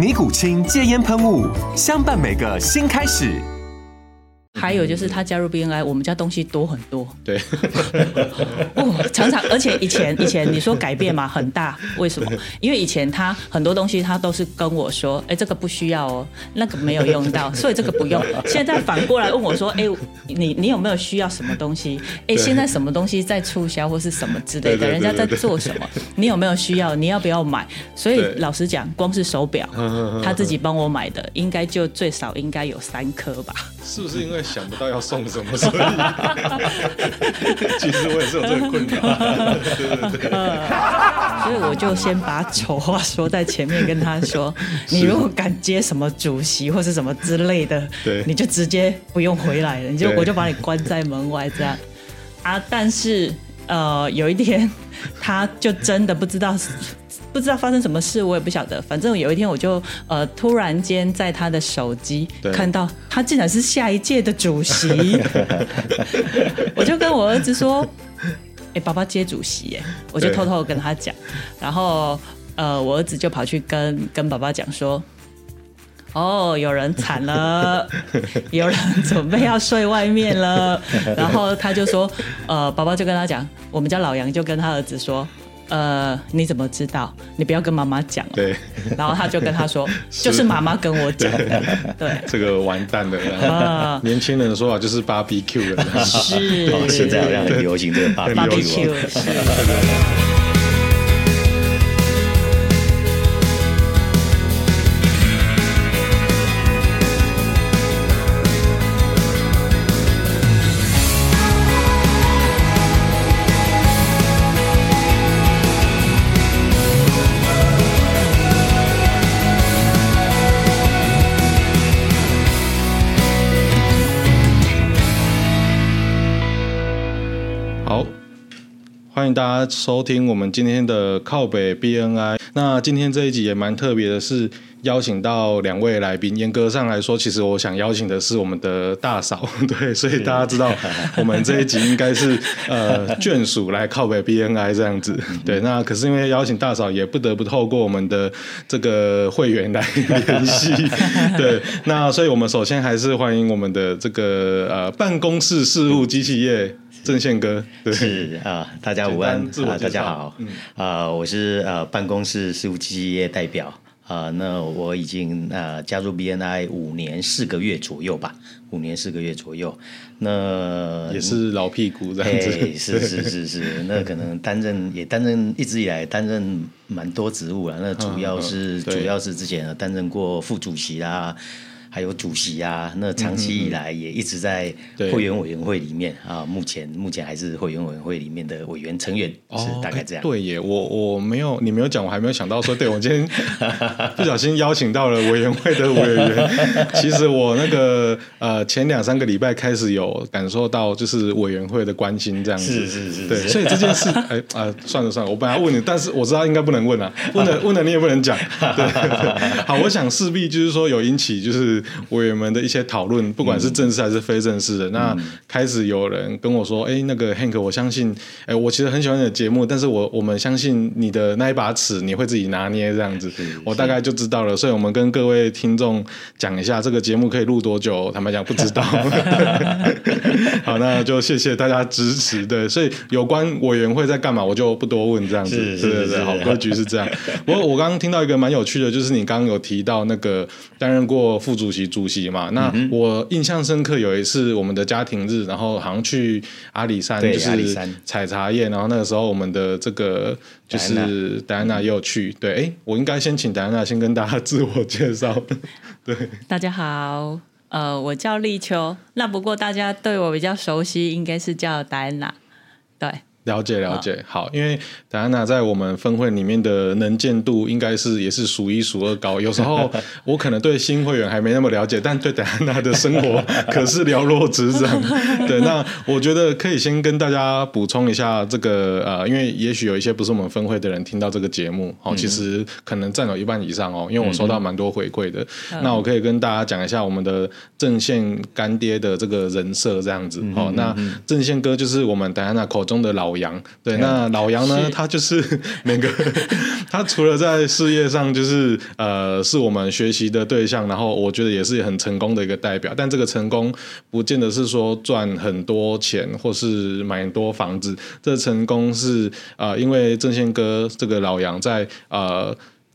尼古清戒菸噴霧，相伴每個新開始。還有就是他加入 BNI，我們家東西多很多。對， 哦、嗯，常常，而且以前以前你說改變嘛很大，為什麼？因為以前他很多東西他都是跟我說，哎、欸，這個不需要哦，那個沒有用到，所以這個不用了。現在反過來問我說，哎、欸，你你有沒有需要什麼東西？哎、欸，現在什麼東西在促銷或是什麼之類的？對對對對，人家在做什麼？你有沒有需要？你要不要買？所以老實講，光是手表，他自己幫我買的， 應該就最少應該有三顆吧？是不是因為？想不到要送什麼，所以 其實我也是有這個困難，對對對。啊。所以我就先把醜話說在前面，跟他說 ：“你如果敢接什麼主席或是什麼之類的，對你就直接不用回來了，你就我就把你關在門外這樣啊。”但是。呃，有一天，他就真的不知道， 不知道發生什麼事，我也不曉得。反正有一天，我就呃突然間在他的手機看到，他竟然是下一屆的主席， 我就跟我兒子說：“哎、欸，爸爸接主席！”耶，我就偷偷跟他講，然後呃，我兒子就跑去跟跟爸爸講說。哦，有人慘了，有人準備要睡外面了。 然後他就說，呃，寶寶就跟他講，我們家老楊就跟他兒子說，呃，你怎麼知道？你不要跟媽媽講、啊。對。然後他就跟他說，就是媽媽跟我講的。對。對這個完蛋了。年輕人的說法就是芭比 Q 了 是、哦是 BBQ,。是。現在好像很流行這個芭比 Q。是大家收聽我們今天的靠北 BNI。那今天這一集也蠻特別的，是邀請到兩位來賓。嚴格上來說，其實我想邀請的是我們的大嫂，對，所以大家知道我們這一集應該是 呃眷屬來靠北 BNI 這樣子、嗯，對。那可是因為邀請大嫂，也不得不透過我們的這個會員來聯繫， 對。那所以我們首先還是歡迎我們的這個呃辦公室事務機器業。 正憲哥，對是啊，呃，大家午安啊，大家好，啊，嗯呃，我是呃辦公室事務機業代表啊，呃，那我已經啊，呃、加入 BNI 五年四個月左右吧，五年四個月左右，那也是老屁股這樣子，欸，是是是是，是，那可能擔任也擔任一直以來擔任蠻多職務啊，那主要是，嗯嗯、主要是之前擔任過副主席啊。還有主席啊，那長期以來也一直在會員委員會裡面啊，目前目前還是會員委員會裡面的委員成員，哦、是大概這樣。對耶，我我沒有你沒有講，我還沒有想到說，對，我今天不小心邀請到了委員會的委員。 其實我那個呃，前兩三個禮拜開始有感受到，就是委員會的關心這樣子。是是是，是，是，對。所以這件事，哎 啊、呃，算了算了，我本來問你，但是我知道應該不能問啊， 問了問了你也不能講。對 好，我想勢必就是說有引起就是，委員們的一些討論，不管是正式還是非正式的，嗯、那開始有人跟我說：“哎、欸，那個 Hank，我相信，哎、欸，我其實很喜歡你的節目，但是我我們相信你的那一把尺，你會自己拿捏這樣子。”我大概就知道了，所以我們跟各位聽眾講一下，這個節目可以錄多久？坦白講不知道。 好，那就謝謝大家支持。對，所以有關委員會在幹嘛，我就不多問這樣子。對對對，好格局是這樣。不過我剛剛聽到一個蠻有趣的，就是你剛剛有提到那個擔任過副主。主席主席嘛，那我印象深刻有一次我們的家庭日，嗯、然後好像去阿里山，就是採茶葉，然後那個時候我們的這個就是、Diana、戴安娜 a 有去，對，哎，我應該先請戴安娜先跟大家自我介紹，對，大家好，呃，我叫立秋，那不過大家對我比較熟悉，應該是叫戴安娜，對。了解了解、啊，好，因為戴安娜在我們分會裡面的能見度應該是也是數一數二高。有時候我可能對新會員還沒那麼了解， 但對戴安娜的生活可是瞭若指掌。 對，那我覺得可以先跟大家補充一下這個呃，因為也許有一些不是我們分會的人聽到這個節目，哦，其實可能占有一半以上哦、喔，因為我收到蠻多回饋的嗯嗯嗯。那我可以跟大家講一下我們的正憲乾爹的這個人設這樣子哦。那正憲哥就是我們戴安娜口中的老。老楊，對，那老楊呢？他就是那個，他除了在事業上就是呃，是我們學習的對象，然後我覺得也是很成功的一個代表。但這個成功不見得是說賺很多錢或是買很多房子，這個成功是呃，因為鄭憲哥這個老楊在呃，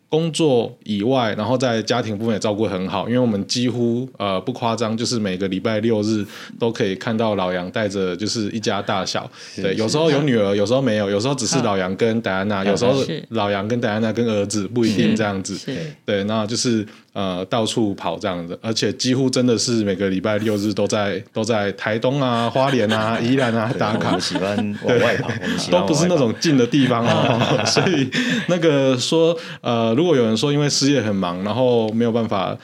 工作以外，然後在家庭部分也照顧很好，因為我們幾乎呃不誇張，就是每個禮拜六日都可以看到老楊帶着就是一家大小，對，有時候有女兒，有時候沒有，有時候只是老楊跟戴安娜、啊，有時候老楊跟戴安娜跟兒子不一定這樣子，對，那就是呃到處跑這樣子，而且幾乎真的是每個禮拜六日都在都在台東啊、花蓮啊、宜蘭啊打卡。我們喜歡往外,外,外跑，都不是那種近的地方啊， 所以那個說呃。如果有人說因為事業很忙，然後沒有辦法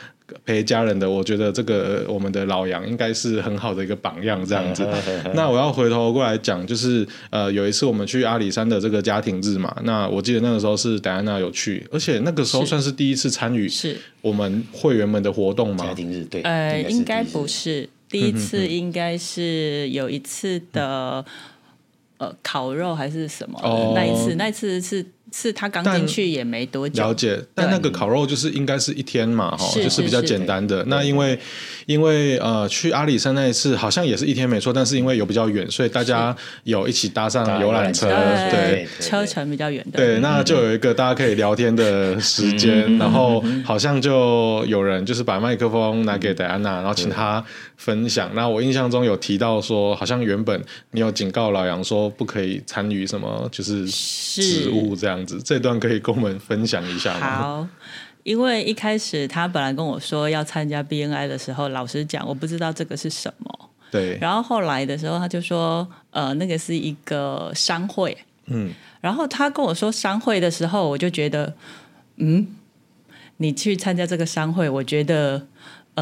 陪家人的，我覺得這個我們的老楊應該是很好的一個榜樣，這樣子。 那我要回頭過來講，就是呃，有一次我們去阿里山的這個家庭日嘛，那我記得那個時候是戴安娜有去，而且那個時候算是第一次參與，是我們會員們的活動嘛。家庭日對，呃，應該不是第一次，應該，是，應該是有一次的，嗯呃、烤肉還是什麼、哦，那一次，那一次是。是他剛進去也沒多久，了解。但那個烤肉就是應該是一天嘛，哈、哦，就是比較簡單的。是是是，那因為因為呃，去阿里山那一次好像也是一天沒錯，但是因為有比較遠，所以大家有一起搭上遊覽車對對，對，車程比較遠，對。那就有一個大家可以聊天的時間， 嗯、然後好像就有人就是把麥克風拿給戴安娜，然後請她分享。那我印象中有提到說，好像原本你有警告老楊說不可以參與什麼就是職務這樣。這段可以跟我們分享一下嗎？好，因為一開始他本來跟我說要參加 BNI 的時候，老實講，我不知道這個是什麼。對。然後後來的時候，他就說，呃，那個是一個商會。嗯。然後他跟我說商會的時候，我就覺得，嗯，你去參加這個商會，我覺得。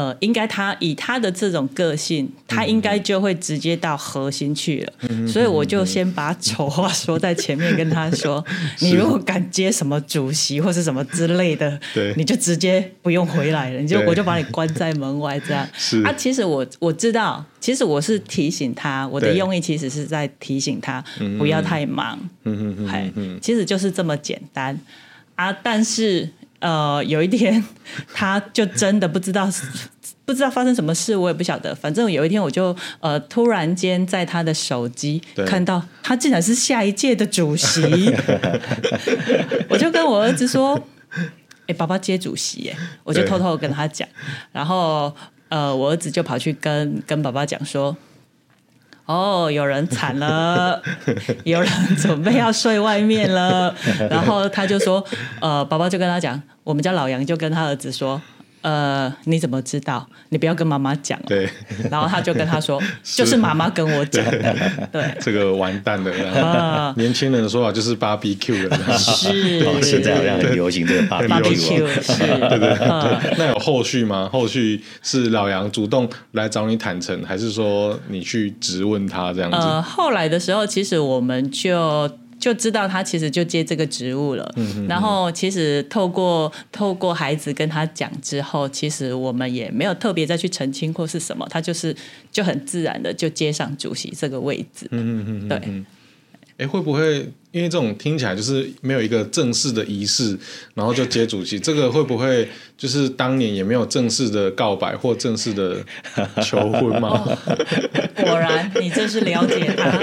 呃，應該他以他的這種個性，他應該就會直接到核心去了。嗯、所以我就先把醜話說在前面，跟他說 ：“你如果敢接什麼主席或是什麼之類的，對，你就直接不用回來了，你就我就把你關在門外。”這樣啊，其實我我知道，其實我是提醒他，我的用意其實是在提醒他不要太忙。嗯嗯嗯，哎，其實就是這麼簡單啊，但是。呃，有一天，他就真的不知道，不知道發生什麼事，我也不曉得。反正有一天，我就呃突然間在他的手機看到，他竟然是下一屆的主席，我就跟我兒子說：“哎、欸，爸爸接主席耶。”我就偷偷跟他講。然後呃，我兒子就跑去跟跟爸爸講說：“哦，有人慘了，有人準備要睡外面了。 ”然後他就說：“呃，爸爸就跟他講。”我們家老楊就跟他兒子說：“呃，你怎麼知道？你不要跟媽媽講、哦。”對。然後他就跟他說：“是就是媽媽跟我講的。對”對。這個完蛋了，呃、年輕人的說法就是芭比 Q 了。是。哦，現在好像很流行這個芭比 Q 流行。 對對、嗯、對。那有後續嗎？後續是老楊主動來找你坦誠，還是說你去質問他這樣子？呃，後來的時候，其實我們就。就知道他其實就接這個職務了，嗯、然後其實透過透過孩子跟他講之後，其實我們也沒有特別再去澄清或是什麼，他就是就很自然的就接上主席這個位置。嗯嗯嗯，對。哎，會不會？因為這種聽起來就是沒有一個正式的儀式，然後就接主席，這個會不會就是當年也沒有正式的告白或正式的求婚嗎？哦、果然，你真是了解他。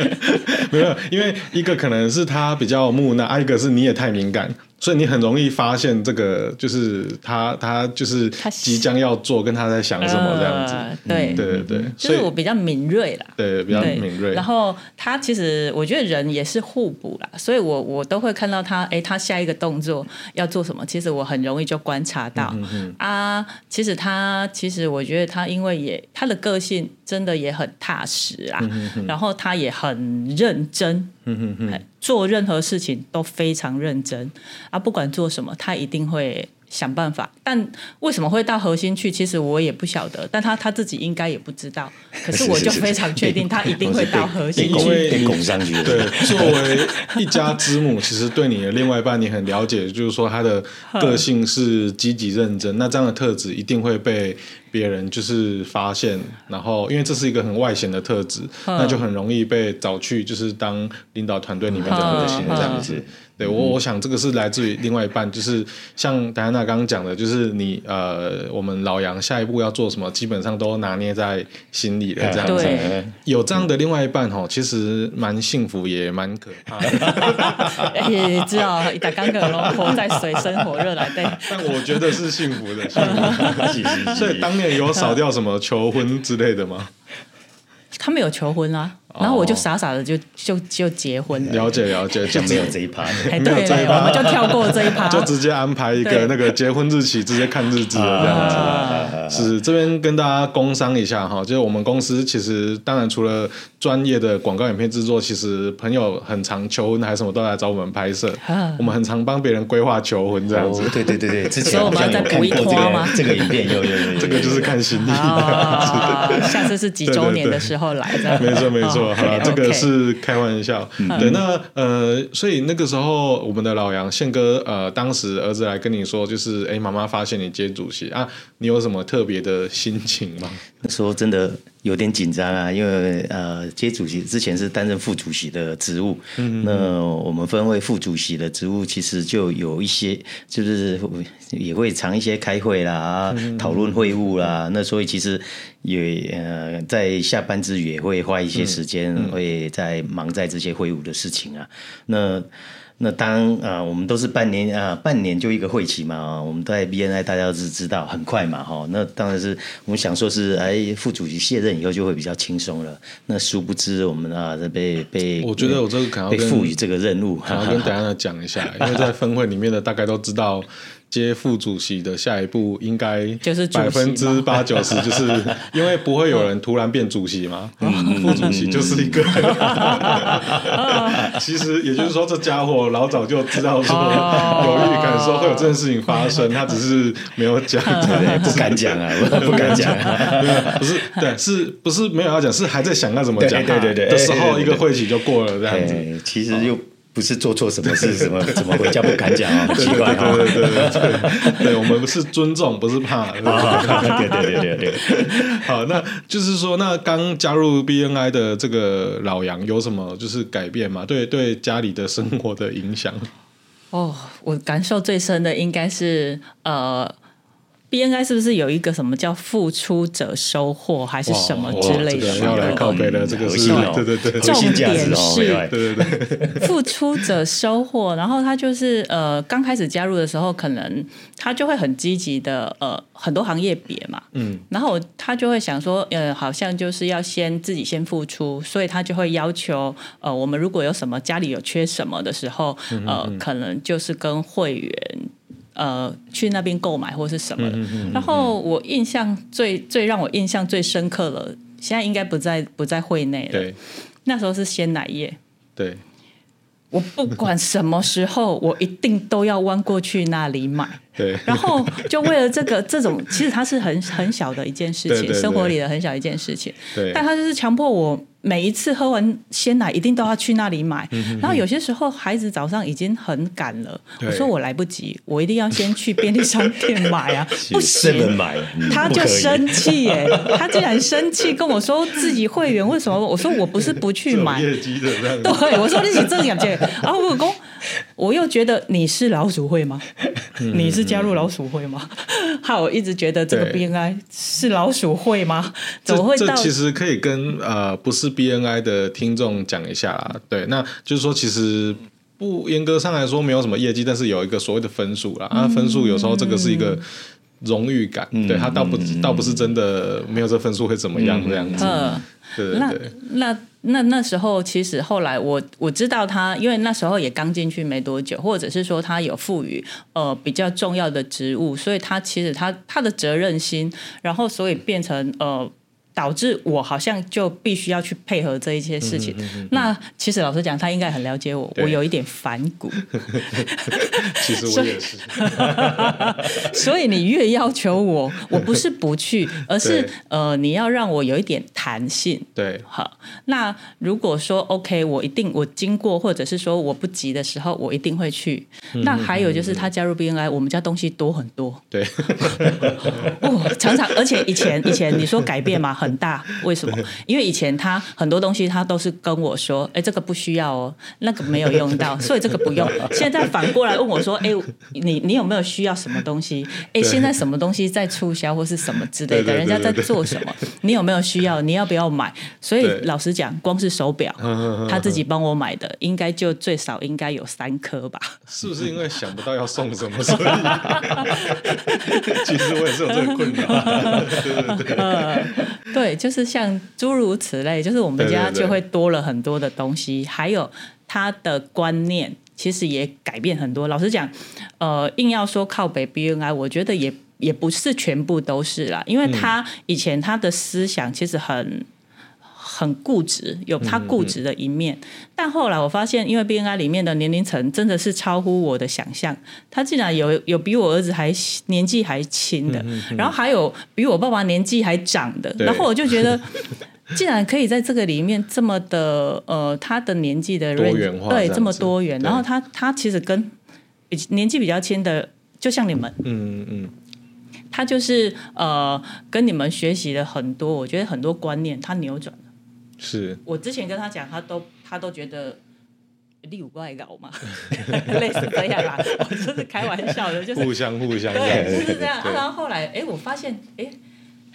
沒有，因為一個可能是他比較木訥、啊，一個是你也太敏感，所以你很容易發現這個就是他，他就是即將要做跟他在想什麼這樣子。呃、對、嗯、對對，對，就是我比較敏銳啦。對，比較敏銳。然後他其實我覺得人也是。互補啦，所以我我都會看到他，哎、欸，他下一個動作要做什麼？其實我很容易就觀察到，嗯，哼哼啊。其實他，其實我覺得他，因為也他的個性真的也很踏實啊，嗯，哼哼，然後他也很認真，嗯哼哼，哎，做任何事情都非常認真啊，不管做什麼，他一定會。想辦法，但為什麼會到核心去？其實我也不曉得，但他他自己應該也不知道。可是我就非常確定，他一定會到核心去。是是是是，因為，因為，對作為一家之母，其實對你的另外一半你很了解，就是說他的個性是積極認真， 那這樣的特質一定會被別人就是發現，然後因為這是一個很外顯的特質， 那就很容易被找去，就是當領導團隊裡面的核心這樣子。 是是對我，我想這個是來自於另外一半，嗯、就是像戴安娜剛剛講的，就是你呃，我們老楊下一步要做什麼，基本上都拿捏在心裡了。這樣子對，有這樣的另外一半、嗯、其實蠻幸福，也蠻可怕的，也、 欸、知道打光棍老婆在水深火熱了。 但我覺得是幸福的，福的 所以當年有少掉什麼求婚之類的嗎？他們有求婚啊。然後我就傻傻的就就就結婚了。解，了解，了解就，就沒有這一趴 對， 沒有這一趴， 就跳過這一趴， 就直接安排一個那個結婚日期， 直接看日子這樣子。啊、是、啊是啊、這邊跟大家工商一下哈，就 是我們公司其實當然除了專業的廣告影片制作，其實朋友很常求婚還是什麼都來找我們拍攝、啊，我們很常幫別人規劃求婚這樣子。對、哦、對對對，所以我們要再補一個這個嗎？這個影片有有有， 這個就是看心意、哦。下次是幾周年的時候來，沒 錯沒錯。沒錯哦這個是開玩笑，嗯、對，那呃，所以那個時候，我們的老楊憲哥，呃，當時兒子來跟你說，就是，哎、欸，媽媽發現你兼主席啊，你有什麼特別的心情嗎？那時候真的。有點緊張啊，因為呃，接主席之前是擔任副主席的職務，嗯，那我們分會副主席的職務其實就有一些，就是也會常一些開會啦啊，討、嗯、論會務啦、嗯，那所以其實也呃在下班之餘也會花一些時間，會在忙在這些會務的事情啊，嗯嗯、那，那當啊，我們都是半年啊，半年就一個會期嘛，我們在 B N I 大家都是知道很快嘛，哈，那當然是我們想說是，哎，副主席卸任以後就會比較輕鬆了。那殊不知我們啊，在被被我覺得我這個可能要被賦予這個任務，我跟大家講一下， 因為在分會裡面的大概都知道。接副主席的下一步應該就是百分之八九十，就是因為不會有人突然變主席嘛。副主席就是一個，其實也就是說，這家伙老早就知道說有預感說會有這件事情發生，他只是沒有講， 不敢講啊，不敢講、啊。 不是對，是不是沒有要講，是還在想要怎麼講？對對對，對，的時候一個會期就過了這樣子。其實就不是做錯什麼事， 什麼怎麼回家不敢講啊？ 很奇怪哈、啊。對對對對對，對， 對我們是尊重，不是怕。啊 不是， 對對對對對。 好，那就是說，那剛加入 BNI 的這個老楊有什麼就是改變嗎？對對，對，家裡的生活的影響。哦、oh，我感受最深的應該是呃。應該是不是有一個什麼叫付出者收穫還是什麼之類的？哦哦，真的要來靠北了，嗯，這個是，哦，對對對，重點是，哦，對對對對對對付出者收穫。然後他就是呃，剛開始加入的時候，可能他就會很積極的呃，很多行業別嘛，嗯，然後他就會想說，呃，好像就是要先自己先付出，所以他就會要求呃，我們如果有什麼家裡有缺什麼的時候，呃，嗯嗯嗯可能就是跟會員。呃，去那邊購買或是什麼的，嗯哼嗯哼，然後我印象最最讓我印象最深刻的，現在應該不在不在會內了。對，那時候是鮮奶業。對，我不管什麼時候， 我一定都要彎過去那裡買。對，然後就為了這個這種，其實它是很很小的一件事情對對對，生活裡的很小一件事情。對。對，但他就是強迫我每一次喝完鮮奶，一定都要去那裡買，嗯哼哼。然後有些時候孩子早上已經很趕了，我說我來不及，我一定要先去便利商店買啊，不行不，他就生氣耶，欸，他竟然生氣跟我說自己會員，為什麼？我說我不是不去買，對，我說你自己這樣去， 然後我講。我又覺得你是老鼠會嗎？嗯、你是加入老鼠會嗎？害、嗯，我一直覺得這個 BNI 是老鼠會嗎？怎麼會這，這其實可以跟呃不是 BNI 的聽眾講一下啦。對，那就是說其實不嚴格上來說沒有什麼業績，但是有一個所謂的分數啦。嗯、啊，分數有時候這個是一個榮譽感，嗯、對它倒不、嗯、倒不是真的沒有這分數會怎麼樣這樣子，嗯嗯、對對對那，那那。那那時候其實後來我我知道他，因為那時候也剛進去沒多久，或者是說他有賦予呃比較重要的職務，所以他其實他他的責任心，然後所以變成呃。導致我好像就必須要去配合這一些事情。嗯嗯嗯、那其實老實講，他應該很了解我，我有一點反骨。 其實我也是。所以， 所以你越要求我，我不是不去， 而是呃，你要讓我有一點彈性。對，好。那如果說 OK，我一定我經過或者是說我不急的時候，我一定會去。 那還有就是他加入 BNI，我們家東西多很多。對， 哦、常常而且以前以前你說改變嘛。很大，為什麼？因為以前他很多東西他都是跟我說，哎、欸，這個不需要哦，那個沒有用到，所以這個不用。現在反過來問我說，哎、欸，你你有沒有需要什麼東西？哎、欸，現在什麼東西在促銷或是什麼之類的，對對對對，人家在做什麼？你有沒有需要？你要不要買？所以老實講，光是手錶、嗯嗯嗯嗯，他自己幫我買的，應該就最少應該有三顆吧？是不是，是因為想不到要送什麼，所以 其實我也是有這個困擾， 對對對對 對，就是像諸如此類，就是我們家就會多了很多的東西，對對對，還有他的觀念，其實也改變很多。老實講，呃，硬要說靠北 BNI，我覺得也也不是全部都是啦，因為他以前他的思想其實很。嗯很固執，有他固執的一面，嗯嗯、但後來我發現，因為 BNI 裡面的年齡層真的是超乎我的想象，他竟然有有比我兒子還年紀還輕的、嗯嗯，然後還有比我爸爸年紀還長的，然後我就覺得呵呵，竟然可以在這個裡面這麼的呃，他的年紀的人，對，這麼多元，然後他他其實跟比年紀比較輕的，就像你們，嗯嗯，嗯，他就是呃跟你們學習了很多，我覺得很多觀念他扭轉。是我之前跟他講，他都他都覺得例怪搞嘛， 類似這樣啦、啊。 我就是開玩笑的，就是互相互相， 對，對，對，對，對，是、就是這樣對對對、啊。然後後來，哎，我發現，哎。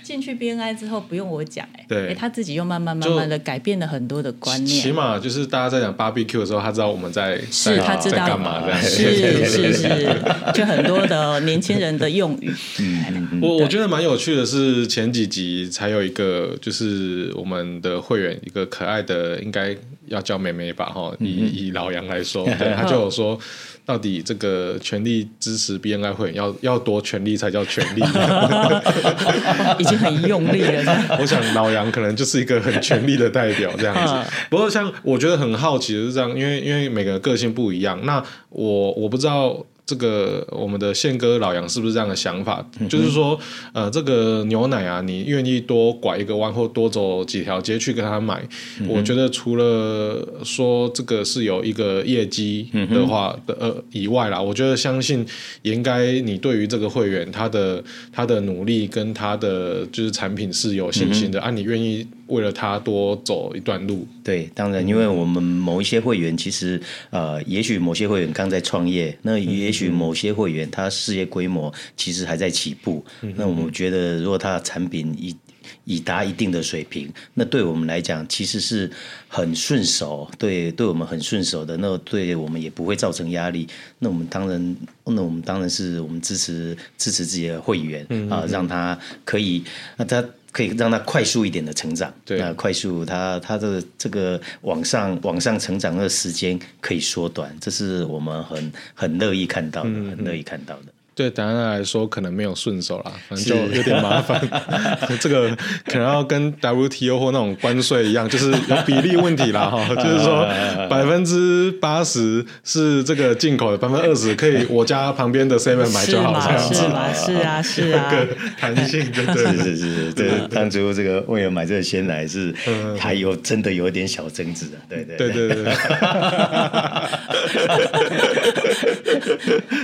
進去 BNI 之後不用我講哎、欸，對，欸、他自己又慢慢慢慢的改變了很多的觀念。起碼就是大家在講 barbecue 的時候，他知道我們在是在幹嘛，是是是，是是是 就很多的年輕人的用語。嗯嗯、我我覺得蠻有趣的是前幾集才有一個，就是我們的會員一個可愛的應該。要叫妹妹吧哈！以以老楊來說，嗯、對他就有說， 到底這個權力支持 B N I 會要要多權力才叫權力？ 已經很用力了。 我想老楊可能就是一個很權力的代表這樣子。 不過像我覺得很好奇的是這樣，因為因為每個人個性不一樣，那我我不知道。這個我們的憲哥老楊是不是這樣的想法，嗯？就是說，呃，這個牛奶啊，你願意多拐一個彎或多走幾條街去跟他買，嗯？我覺得除了說這個是有一個業績的話的，嗯、呃以外啦，我覺得相信也應該你對於這個會員他的他的努力跟他的就是產品是有信心的，嗯、啊，你願意。為了他多走一段路，對，當然，因為我們某一些會員，其實呃，也許某些會員剛在創業，那也許某些會員他事業規模其實還在起步，嗯、那我們覺得如果他的產品已已達一定的水平，那對我們來講其實是很順手，對，對我們很順手的，那對我們也不會造成壓力，那我們當然，那我們當然是我們支持支持自己的會員啊、嗯呃，讓他可以，那他。可以讓他快速一點的成長，對，那快速他他的這個往上往上成長的時間可以縮短，這是我們很很樂意看到的，很樂意看到的。對大家來說，可能沒有順手啦，反正就有點麻煩。 這個可能要跟 WTO 或那種關稅一樣，就是有比例問題啦。哈， 就是說百分之八十是這個進口的，百分之二十可以我家旁邊的 Seven 買就好了。是嘛、啊啊？是啊，是啊。是啊個彈性真對是,是是是，這當初這個為了買這個鮮奶是、嗯、還有真的有點小爭執啊對對，對對對對對。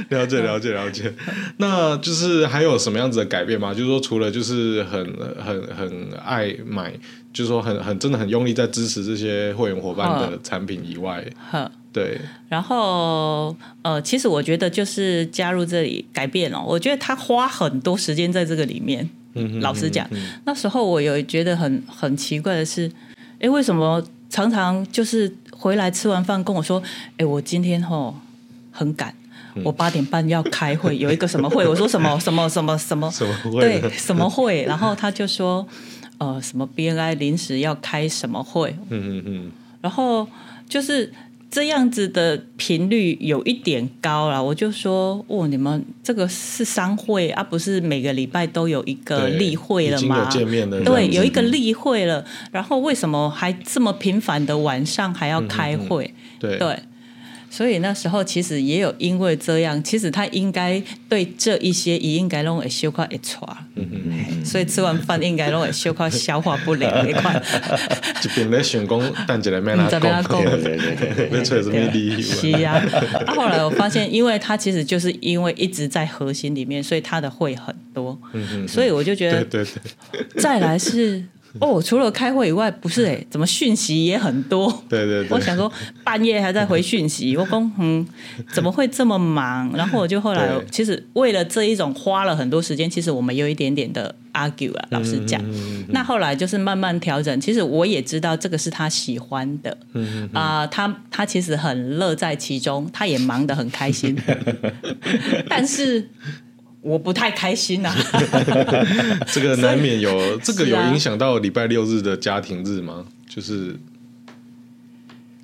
了解了解了解。 那就是還有什麼樣子的改變嗎？就是說，除了就是很很很愛買，就是說很很真的很用力在支持這些會員夥伴的產品以外，呵，呵，對。然後呃，其實我覺得就是加入這裡改變了，我覺得他花很多時間在這個裡面。嗯、老實講、嗯嗯，那時候我有覺得很很奇怪的是，哎、欸，為什麼常常就是回來吃完飯跟我說，哎、欸，我今天哦，很趕。我八點半要開會，有一個什麼會？ 我說什麼什麼什麼什麼，什麼會？對，什麼會？然後他就說，呃，什麼 BNI 臨時要開什麼會？嗯嗯嗯。然後就是這樣子的頻率有一點高了，我就說，哦，你們這個是商會啊，不是每個禮拜都有一個例會了嗎？對，有，對有一個例會了。然後為什麼還這麼頻繁的晚上還要開會？嗯嗯嗯對。對所以那時候其實也有因為這樣，其實他應該對這一些他應該弄修化一抓、嗯哼，所以吃完飯應該弄修化消化不良那款。 一邊在想講，但一個沒拿夠，對對對對。是啊，啊後來我發現，因為他其實就是因為一直在核心裡面，所以他的會很多，所以我就覺得，對對對對，再來是。哦，除了開會以外，不是哎，怎麼訊息也很多？對對對， 我想說半夜還在回訊息， 我說嗯，怎麼會這麼忙？然後我就後來，其實為了這一種花了很多時間，其實我們有一點點的 argue 啊，老實講。嗯嗯嗯、那後來就是慢慢調整，其實我也知道這個是他喜歡的啊、嗯嗯呃，他他其實很樂在其中，他也忙得很開心， 但是。我不太開心吶、啊 這個難免有，這個有影響到禮拜六日的家庭日嗎？就是，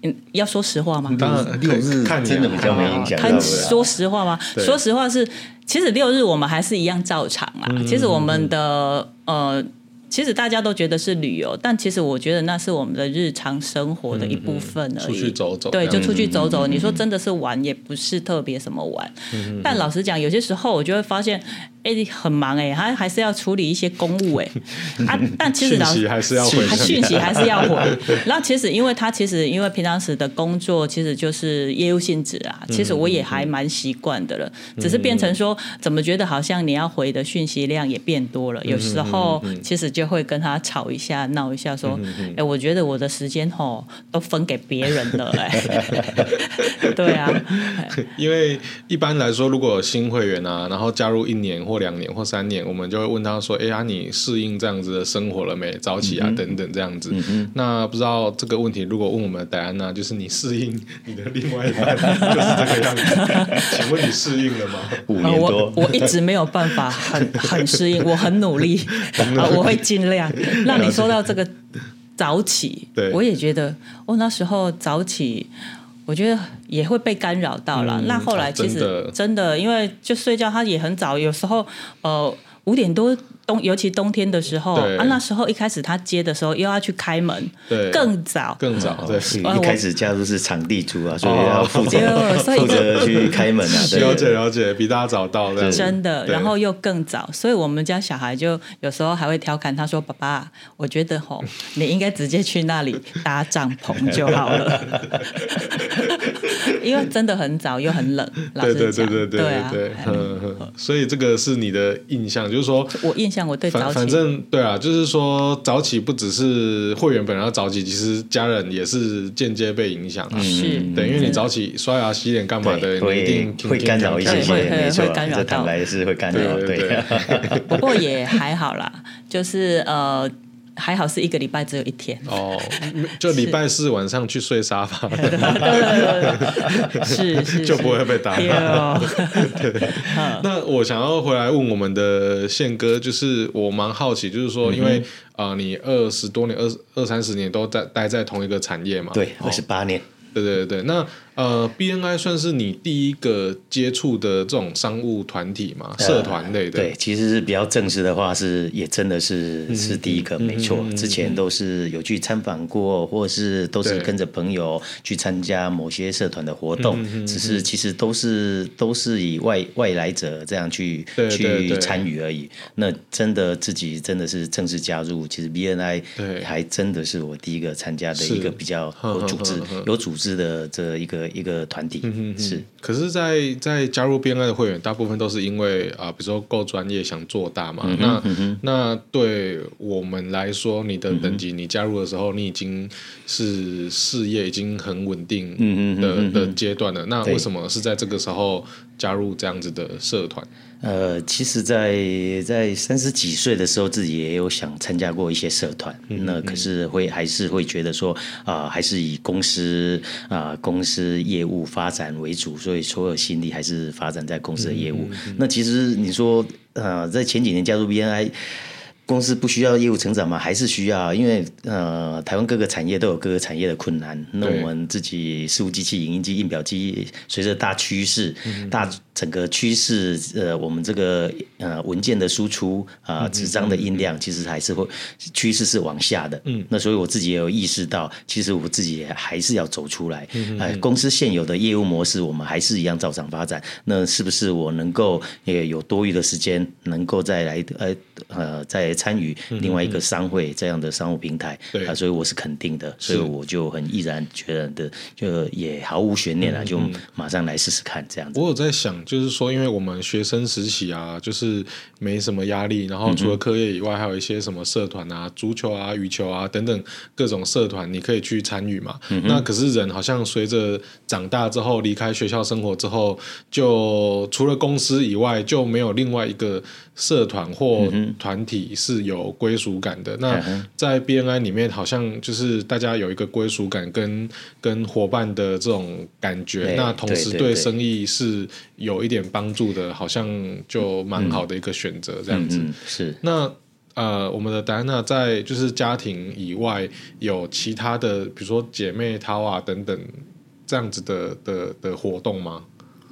嗯，要說實話嗎？當然六日看，看，看你、啊、真的比較沒影響、啊，說實話嗎？說實話是，其實六日我們還是一樣照常啊。嗯嗯嗯嗯，其實我們的呃。其實大家都覺得是旅遊，但其實我覺得那是我們的日常生活的一部分而已。嗯嗯、出去走走，對，就出去走走、嗯。你說真的是玩、嗯，也不是特別什麼玩、嗯嗯。但老實講，有些時候我就會發現，哎、欸，很忙哎、欸，他還是要處理一些公務哎、欸嗯。啊，但其實還是要回訊息還是要回，是要回。 然後其實因為他其實因為平常時的工作其實就是業務性質啊，其實我也還蠻習慣的了，嗯嗯、只是變成說怎麼覺得好像你要回的訊息量也變多了，嗯嗯、有時候其實就。會跟他吵一下、鬧一下，說：“哎、嗯欸，我覺得我的時間吼都分給別人了、欸，哎， 對啊。”因為一般來說，如果有新會員啊，然後加入一年或兩年或三年，我們就會問他說：“哎、欸、呀，啊、你適應這樣子的生活了沒？早起啊，嗯、等等這樣子。嗯”那不知道這個問題，如果問我們戴安娜，就是你適應你的另外一半就是這個樣子， 請問你適應了嗎、啊我？五年多，我一直沒有辦法很很適應，我很努力啊， 我會。盡量讓你說到這個早起， 對我也覺得，我、哦、那時候早起，我覺得也會被干擾到了、嗯。那後來其實、啊、真的、真的，因為就睡覺，他也很早，有時候呃五點多。冬，尤其冬天的時候啊，那時候一開始他接的時候又要去開門，對，更早，更早，對，嗯啊、一開始加入是場地組啊，所以要負責負責去開門啊，了解了解，比大家早到了。真的，然後又更早，所以我們家小孩就有時候還會調侃他說：“爸爸，我覺得吼、哦、 你應該直接去那裡搭帳篷就好了， 因為真的很早又很冷。”對對對對對對，對，對啊對、嗯嗯，所以這個是你的印象，就是說，我印象。反，反正對啊，就是說早起不只是會員本人要早起，其實家人也是間接被影響、啊嗯，是，等於、嗯、你早起刷牙、洗臉幹嘛的，你一定聽聽聽會干擾一些，些，沒錯，會干擾到這坦白是會干擾，對。對對對啊、不過也還好啦， 就是呃。還好是一個禮拜只有一天哦，就禮拜四晚上去睡沙發，是 是，是，是就不會被打，打 對、哦。 對，對，對，那我想要回來問我們的憲哥，就是我蠻好奇，就是說，因為啊、嗯呃，你二十多年、二二三十年都在待，待在同一個產業嘛？對，二十八年。對、哦、對對對，那。呃，BNI 算是你第一個接觸的這種商務團體嘛，呃，社團類的。對，其實是比較正式的話是，是也真的是，嗯、是第一個，嗯、沒錯，嗯。之前都是有去參訪過，或者是都是跟着朋友去參加某些社團的活動，只是其實都是都是以外外來者這樣去去參與而已，對對對。那真的自己真的是正式加入，其實 BNI 對，還真的是我第一個參加的一個比較有組織、呵呵呵有組織的這一個。一個團體、嗯、哼哼是，可是在，在在加入編 i 的會員，大部分都是因為啊、呃，比如說夠專業，想做大嘛。嗯、那、嗯、那對我們來說，你的等級、嗯，你加入的時候，你已經是事業已經很穩定的、嗯、哼哼哼的階段了。那為什麼是在這個時候加入這樣子的社團？呃，其實在，在在三十幾歲的時候，自己也有想參加過一些社團，嗯嗯，那可是會還是會覺得說啊、呃，還是以公司啊、呃、公司業務發展為主，所以所有心力還是發展在公司的業務。嗯嗯嗯，那其實你說啊、呃，在前幾年加入 BNI。公司不需要業務成長嗎？還是需要？因為呃，台灣各個產業都有各個產業的困難。那我們自己，事務機器、影印機、印表機，隨着大趨勢、嗯，大整個趨勢，呃，我們這個呃文件的輸出啊，紙、呃、張的印量，其實還是會趨勢是往下的。嗯。那所以我自己也有意識到，其實我自己也還是要走出來。哎、嗯呃，公司現有的業務模式，我們還是一樣照常發展。那是不是我能夠也有多餘的時間，能夠再來？呃呃，在參與另外一個商會這樣的商務平台，嗯嗯啊，所以我是肯定的，所以我就很毅然決然的，就也毫無懸念啊嗯嗯，就馬上來試試看這樣子。我有在想，就是說，因為我們學生時期啊，就是沒什麼壓力，然後除了課業以外嗯嗯，還有一些什麼社團啊、足球啊、羽球啊等等各種社團，你可以去參與嘛嗯嗯。那可是人好像隨着長大之後離開學校生活之後，就除了公司以外，就沒有另外一個社團或團體嗯嗯。是有歸屬感的。那在 BNI 裡面，好像就是大家有一個歸屬感跟，跟跟夥伴的這種感覺，欸。那同時對生意是有一點幫助的，對對對，好像就蠻好的一個選擇。這樣子，嗯嗯嗯，是。那呃，我們的 Diana 在就是家庭以外有其他的，比如說姐妹淘啊等等這樣子的的的活動嗎？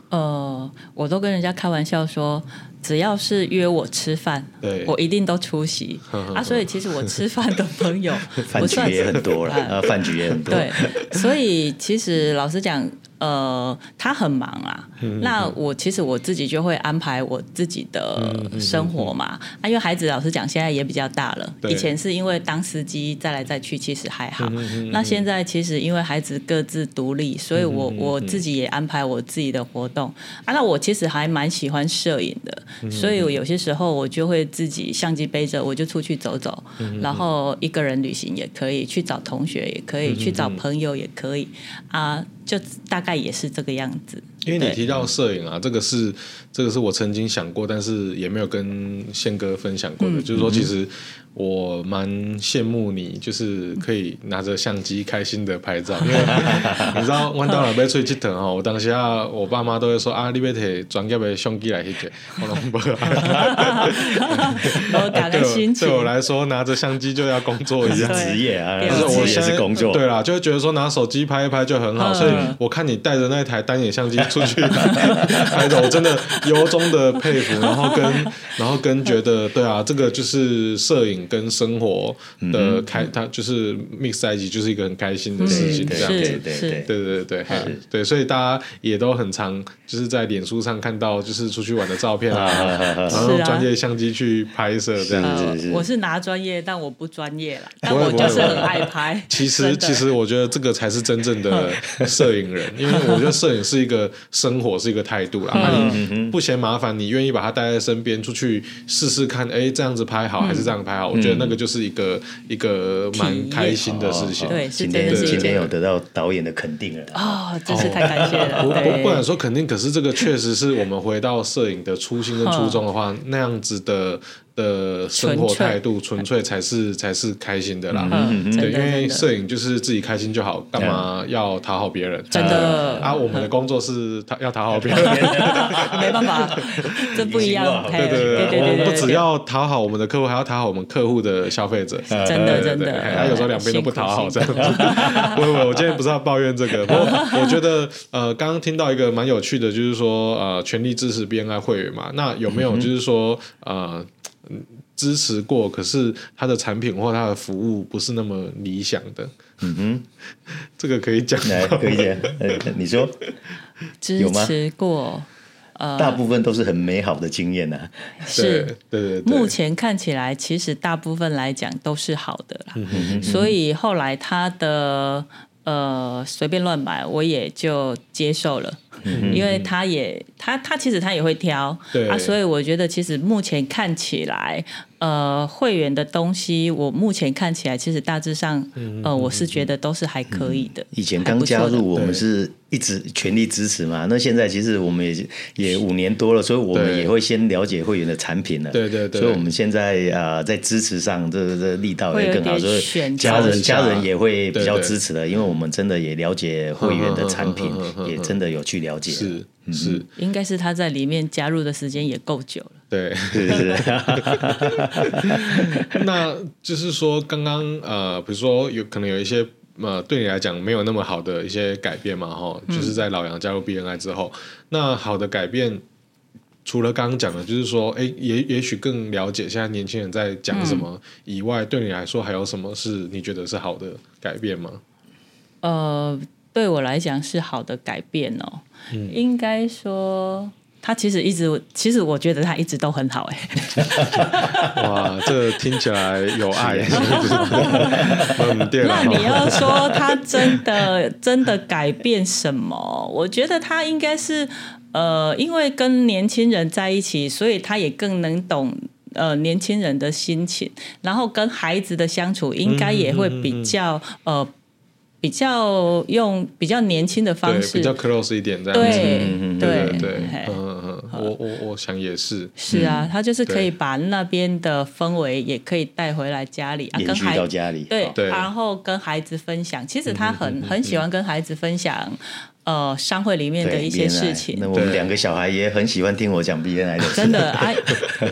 呃，我都跟人家開玩笑說。只要是約我吃飯，我一定都出席呵呵呵啊！所以其實我吃飯的朋友不算局也很多了。 啊，飯局也很多。對，所以其實老實講。呃，他很忙啊。那我其實我自己就會安排我自己的生活嘛。啊，因為孩子老實講，現在也比較大了。以前是因為當司機載來載去，其實還好。 那現在其實因為孩子各自獨立，所以我我自己也安排我自己的活動。啊，那我其實還蠻喜歡攝影的，所以我有些時候我就會自己相機背着，我就出去走走。 然後一個人旅行也可以，去找同學也可以， 去找朋友也可以。啊。就大概也是這個樣子。因為你提到攝影啊、嗯，這個是這個是我曾經想過，但是也沒有跟憲哥分享過的。嗯、就是說，其實我蠻羨慕你，就是可以拿着相機開心的拍照，嗯、因為你知道我到了被吹氣疼哦。 我當時我爸媽都會說 啊，你別提專業的相機來解決，我弄不、啊 對對。 對，對我來說拿着相機就要工作一樣，職業啊，職、就是就是、業是工作。對啦，就會覺得說拿手機拍一拍就很好，嗯、所以我看你帶着那台單眼相機。 出去拍的， 我真的由衷的佩服。 然後跟然後跟覺得，對啊，這個就是攝影跟生活的開、嗯，它就是 mix 在一起，就是一個很開心的事情。這樣子、嗯，對對對對對對對，對。對，所以大家也都很常就是在臉書上看到，就是出去玩的照片啊， 然後用專業相機去拍攝這樣子。是啊，呃、我是拿專業，但我不專業啦，但我就是很愛拍。不會不會不會，其實其實我覺得這個才是真正的攝影人， 因為我覺得攝影是一個。生活是一個態度啦，嗯、那你不嫌麻煩，你願意把它帶在身邊，出去試試看，哎、欸，這樣子拍好、嗯、還是這樣拍好、嗯？我覺得那個就是一個一個蠻開心的事情。哦哦、對的，今天的今天有得到導演的肯定了哦，真是太感謝了。不、哦、不，不敢說肯定，可是這個確實是我們回到攝影的初心跟初衷的話，哦、那樣子的。的生活態度純粹，純粹才是才是開心的啦，嗯嗯、對真的真的，因為攝影就是自己開心就好，幹嘛要討好別人。Yeah. 呃，真的啊、嗯、啊，我們的工作是討要討好別人， 沒辦法， 這不一樣。對對對對對對，對對對，我們不只要討好我們的客戶，還要討好我們客戶的消費者。嗯對對對對。真的真的，那、啊、有時候兩邊都不討好，這樣子。我 不，我今天不是要抱怨這個，我 我覺得呃，剛剛聽到一個蠻有趣的，就是說呃，全力支持 B N I 會員嘛， 那有沒有就是說嗯嗯呃？支持過，可是他的產品或他的服務不是那麼理想的。嗯哼，這個可以講，可以講。呃， 你說支持過有嗎？呃，大部分都是很美好的經驗啊，是，對對對對，目前看起來，其實大部分來講都是好的啦。嗯哼哼哼，所以後來他的。呃，隨便亂買我也就接受了，嗯、因為他也他他其實他也會挑，對，啊，所以我覺得其實目前看起來。呃，會員的東西，我目前看起來其實大致上，嗯嗯嗯、呃，我是覺得都是還可以的。以前剛加入，我們是一直全力支持嘛。那現在其實我們也也五年多了，所以我們也會先了解會員的產品了。對對，對對。所以我們現在啊、呃，在支持上，這個這力道也更好選，所以家人家人也會比較支持的，對對，因為我們真的也了解會員的產品，也真的有去了解。是、嗯、是、嗯嗯嗯。應該是他在裡面加入的時間也夠久了。對，是是， 那就是說，剛剛呃，比如說，有可能有一些呃，對你來講沒有那麼好的一些改變嘛，哈，就是在老楊加入 B N I 之後，那好的改變，除了剛剛講的，就是說，哎，也也許更了解現在年輕人在講什麼以外，對你來說，還有什麼是你覺得是好的改變嗎、嗯？呃，對我來講是好的改變哦、嗯，應該說。他其實一直，其實我覺得他一直都很好哎。 哇，這個、聽起來有愛， 那你要說他真的真的改變什麼？ 我覺得他應該是呃，因為跟年輕人在一起，所以他也更能懂呃年輕人的心情，然後跟孩子的相處應該也會比較嗯嗯嗯呃比較用比較年輕的方式，比較 close 一點這樣子。對嗯嗯嗯對，對對。嗯我我我想也是，是啊，嗯、他就是可以把那邊的氛圍也可以帶回來家裡，啊跟，延續到家裡，對對，然後跟孩子分享。其實他很嗯嗯嗯嗯很喜歡跟孩子分享。呃，商會裡面的一些事情。那我們兩個小孩也很喜歡聽我講 B N I 的事。 真的啊，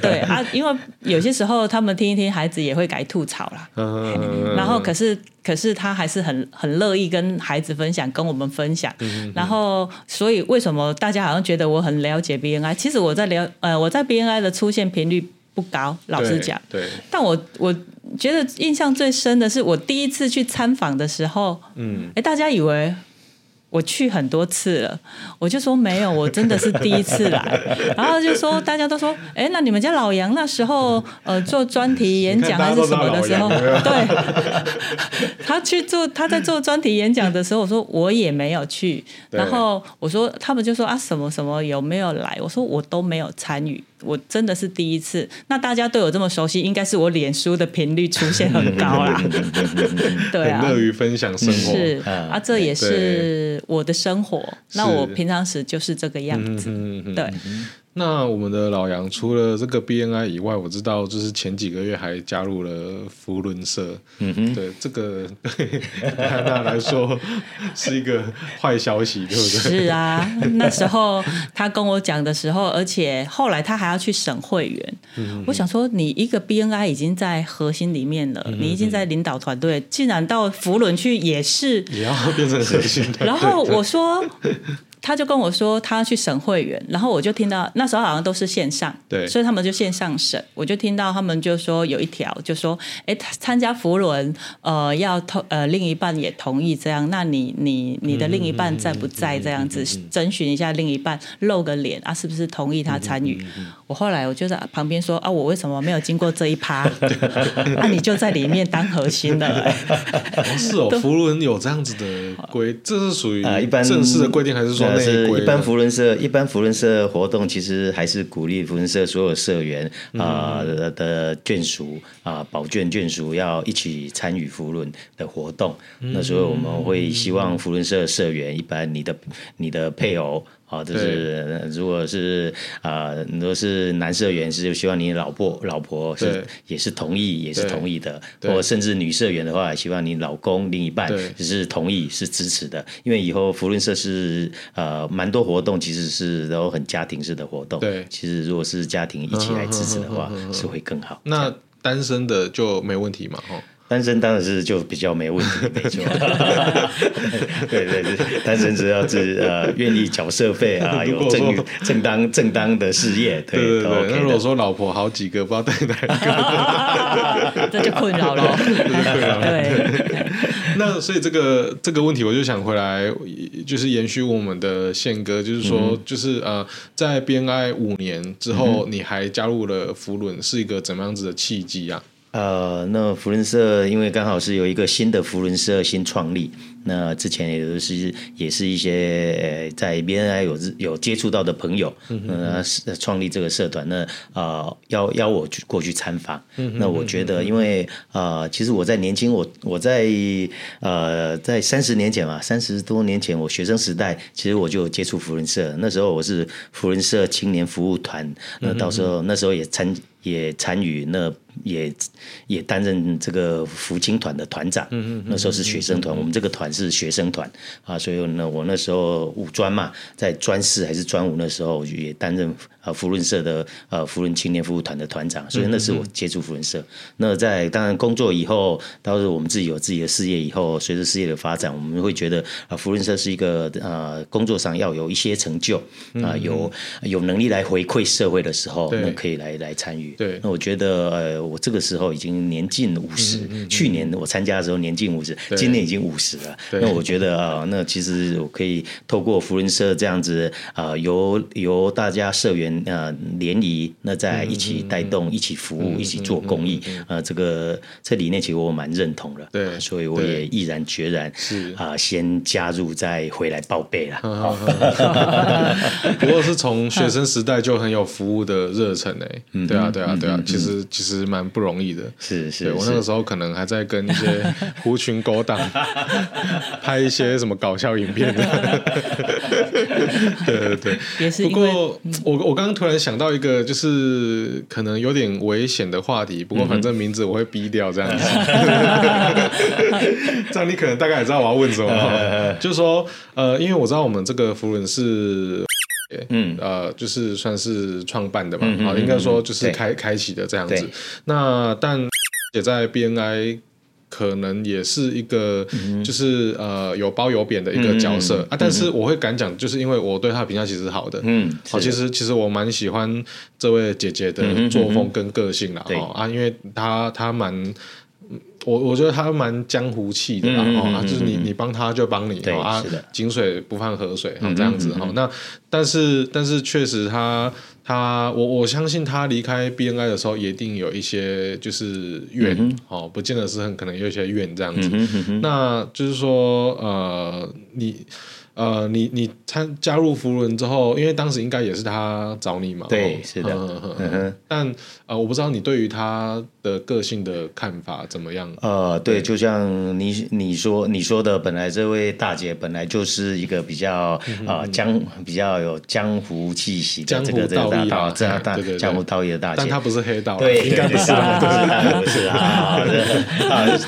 對啊，因為有些時候他們聽一聽，孩子也會改吐槽啦、嗯。然後可是可是他還是很很樂意跟孩子分享，跟我們分享、嗯嗯。然後所以為什麼大家好像覺得我很了解 B N I？其實我在聊，呃，我在 B N I 的出現頻率不高，老實講。對。對但我我覺得印象最深的是我第一次去參訪的時候，嗯，哎，大家以為。我去很多次了，我就說沒有，我真的是第一次來。 然後就說大家都說，哎，那你們家老楊那時候呃做專題演講還是什麼的時候，對， 他去做他在做專題演講的時候，我說我也沒有去。 然後我說他們就說啊什麼什麼有沒有來，我說我都沒有參與。我真的是第一次，那大家對我這麼熟悉，應該是我臉書的頻率出現很高啦。對啊， 很樂於分享生活 是啊，啊，這也是我的生活。那我平常時就是這個樣子，對。嗯那我們的老楊除了這個 BNI 以外，我知道就是前幾個月還加入了扶輪社。嗯哼，對這個對他來說 是一個壞消息，對不對？是啊，那時候他跟我講的時候， 而且後來他還要去省會員、嗯。我想說，你一個 BNI 已經在核心裡面了、嗯，你已經在領導團隊，竟然到扶輪去也是也要變成核心。然後我說。 他就跟我說，他去審會員，然後我就聽到那時候好像都是線上，對，所以他們就線上審。我就聽到他們就說有一條，就說，哎、欸，參加扶輪，呃，要同呃另一半也同意這樣，那你你你的另一半在不在？這樣子徵詢、嗯嗯嗯嗯、一下另一半，露個臉啊，是不是同意他參與？嗯嗯嗯嗯我後來我就在旁邊說啊，我為什麼沒有經過這一趴？那 、啊、你就在裡面當核心的。不、 啊、是哦， 福倫有這樣子的規，這是屬於一般正式的規定、啊、還是說內、啊啊、是一般福倫社一般福倫社的活動，其實還是鼓勵福倫社所有社員啊、嗯呃、的眷屬啊、呃，保眷眷屬要一起參與福倫的活動。嗯、那所以我們會希望福倫社社員，一般你的你的，你的配偶。好、哦，就是如果是啊、呃，如果是男社員是希望你老婆、老婆是也是同意，也是同意的，或者甚至女社員的話，希望你老公、另一半也是同意，是支持的。因為以後福倫社是呃蠻多活動，其實是都很家庭式的活動。對，其實如果是家庭一起來支持的話，嗯嗯嗯嗯嗯、是會更好。那單身的就沒問題嘛，單身當然是就比較沒問題，沒錯。 對對對，對，單身只要是呃願意繳社費啊，有正正當正當的事業，對對，對對。Okay、那如果說老婆好幾個， 不知道帶哪一個，對對對對 這就困擾了。對 對 對。對對對對 那所以這個這個問題，我就想回來，就是延續我們的憲哥，就是說，嗯、就是呃，在 BNI 五年之後、嗯，你還加入了扶輪，是一個怎麼樣子的契機啊？呃，那扶輪社因為剛好是有一個新的扶輪社新創立。那之前也都，就是也是一些在 B N I 有有接觸到的朋友，嗯、哼哼呃，創立這個社團，那啊、呃、邀邀我去過去參訪，嗯。那我覺得，因為啊、呃，其實我在年輕，我我在呃，在三十年前嘛，三十多年前，我學生時代，其實我就接觸扶輪社。那時候我是扶輪社青年服務團，那到時候那時候也參也參與，那也也擔任這個扶青團的團長，嗯哼哼哼哼。那時候是學生團，嗯，我們這個團。是學生團啊，所以呢，我那時候五專嘛，在專四還是專五那時候，我就也擔任啊扶輪社的呃、啊、扶輪青年服務團的團長，所以那是我接觸扶輪社、嗯。那在當然工作以後，到時候我們自己有自己的事業以後，隨着事業的發展，我們會覺得啊扶輪社是一個呃、啊、工作上要有一些成就、嗯、啊，有有能力來回饋社會的時候，那可以來來參與。對，那我覺得呃我這個時候已經年近五十、嗯，去年我參加的時候年近五十，今年已經五十了。那我覺得啊、嗯呃，那其實我可以透過扶輪社這樣子、呃、由由大家社員啊聯誼，那在一起帶動、嗯，一起服務，嗯、一起做公益啊、嗯嗯嗯嗯嗯嗯呃，這個這理念其實我蠻認同的。對、啊，所以我也毅然決然啊、呃，先加入再回來報備了。 不過是從學生時代就很有服務的熱忱誒、欸。對啊，對啊，對啊，對啊嗯嗯嗯、其實其實蠻不容易的。是是，對是，我那個時候可能還在跟一些狐群狗黨。 拍一些什麼搞笑影片的。 對對對，不過、嗯、我我剛剛突然想到一個，就是可能有點危險的話題。不過反正名字我會逼掉這樣子、嗯， 這樣你可能大概也知道我要問什麼？ 什麼 就是說，呃，因為我知道我們這個服務人是，嗯呃，就是算是創辦的嘛，啊、嗯嗯嗯嗯嗯，應該說就是開開啟的這樣子。那但也在 BNI。可能也是一個，嗯、就是呃有褒有貶的一個角色嗯嗯啊。但是我會敢講、嗯嗯，就是因為我對她評價其實好的。嗯，好，其實其實我蠻喜歡這位姐姐的作風跟個性啦。哦、嗯嗯嗯，啊，因為她她蠻，我我覺得她蠻江湖氣的啦嗯嗯嗯嗯嗯嗯啊，就是你你幫她就幫你哈啊，是的，井水不犯河水這樣子哈、嗯嗯嗯嗯。那但是但是確實她。他，我我相信他離開 B N I 的時候，也一定有一些就是怨、嗯，哦，不見得是很可能有一些怨這樣子、嗯嗯。那就是說，呃，你。呃，你你參加入福倫之後，因為當時應該也是他找你嘛，對，哦、是的。嗯哼、但呃，我不知道你對於他的個性的看法怎麼樣？呃，對，對就像你你說你說的，本來這位大姐本來就是一個比較啊、嗯呃、江、嗯、比較有江湖氣息、這個、江湖道義、這個、大道這樣大江湖道義的大姐，嗯、對對對，但她不是黑道、啊，對，應該不是，對對對對對嗯、對對不是啊。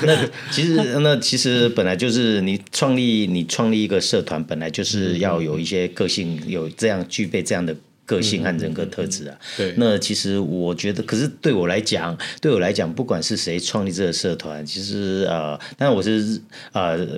那其實那其實本來就是你創立你創立一個社團本。就是要有一些個性、嗯嗯，有這樣具備這樣的個性和人格特質啊、嗯嗯嗯。對，那其實我覺得，可是對我來講，對我來講，不管是誰創立這個社團，其實啊，但、呃、我是啊、呃，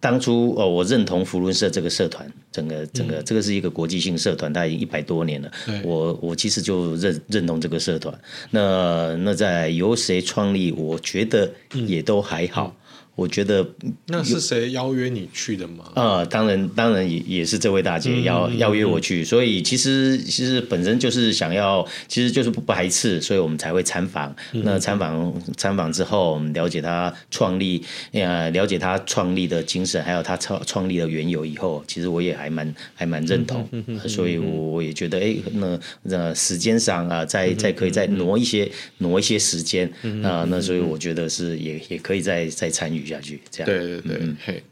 當初哦，我認同扶輪社這個社團，整個整個、嗯、這個是一個國際性社團，它已經一百多年了。我我其實就認認同這個社團。那那在由誰創立，我覺得也都還好。嗯，好我覺得那是誰邀約你去的嗎？呃，當然，當然也也是這位大姐邀邀、嗯嗯嗯、約我去，所以其實其實本身就是想要，其實就是不排斥，所以我們才會參訪。那參訪參訪之後，我們了解他創立，呃，了解他創立的精神，還有他創創立的緣由以後，其實我也還蠻還蠻認同、嗯嗯嗯嗯，所以我我也覺得，哎、欸，那那時間上啊，再再可以再挪一些、嗯嗯嗯、挪一些時間啊、呃，那所以我覺得是也也可以再再參與。對對對、嗯、嘿，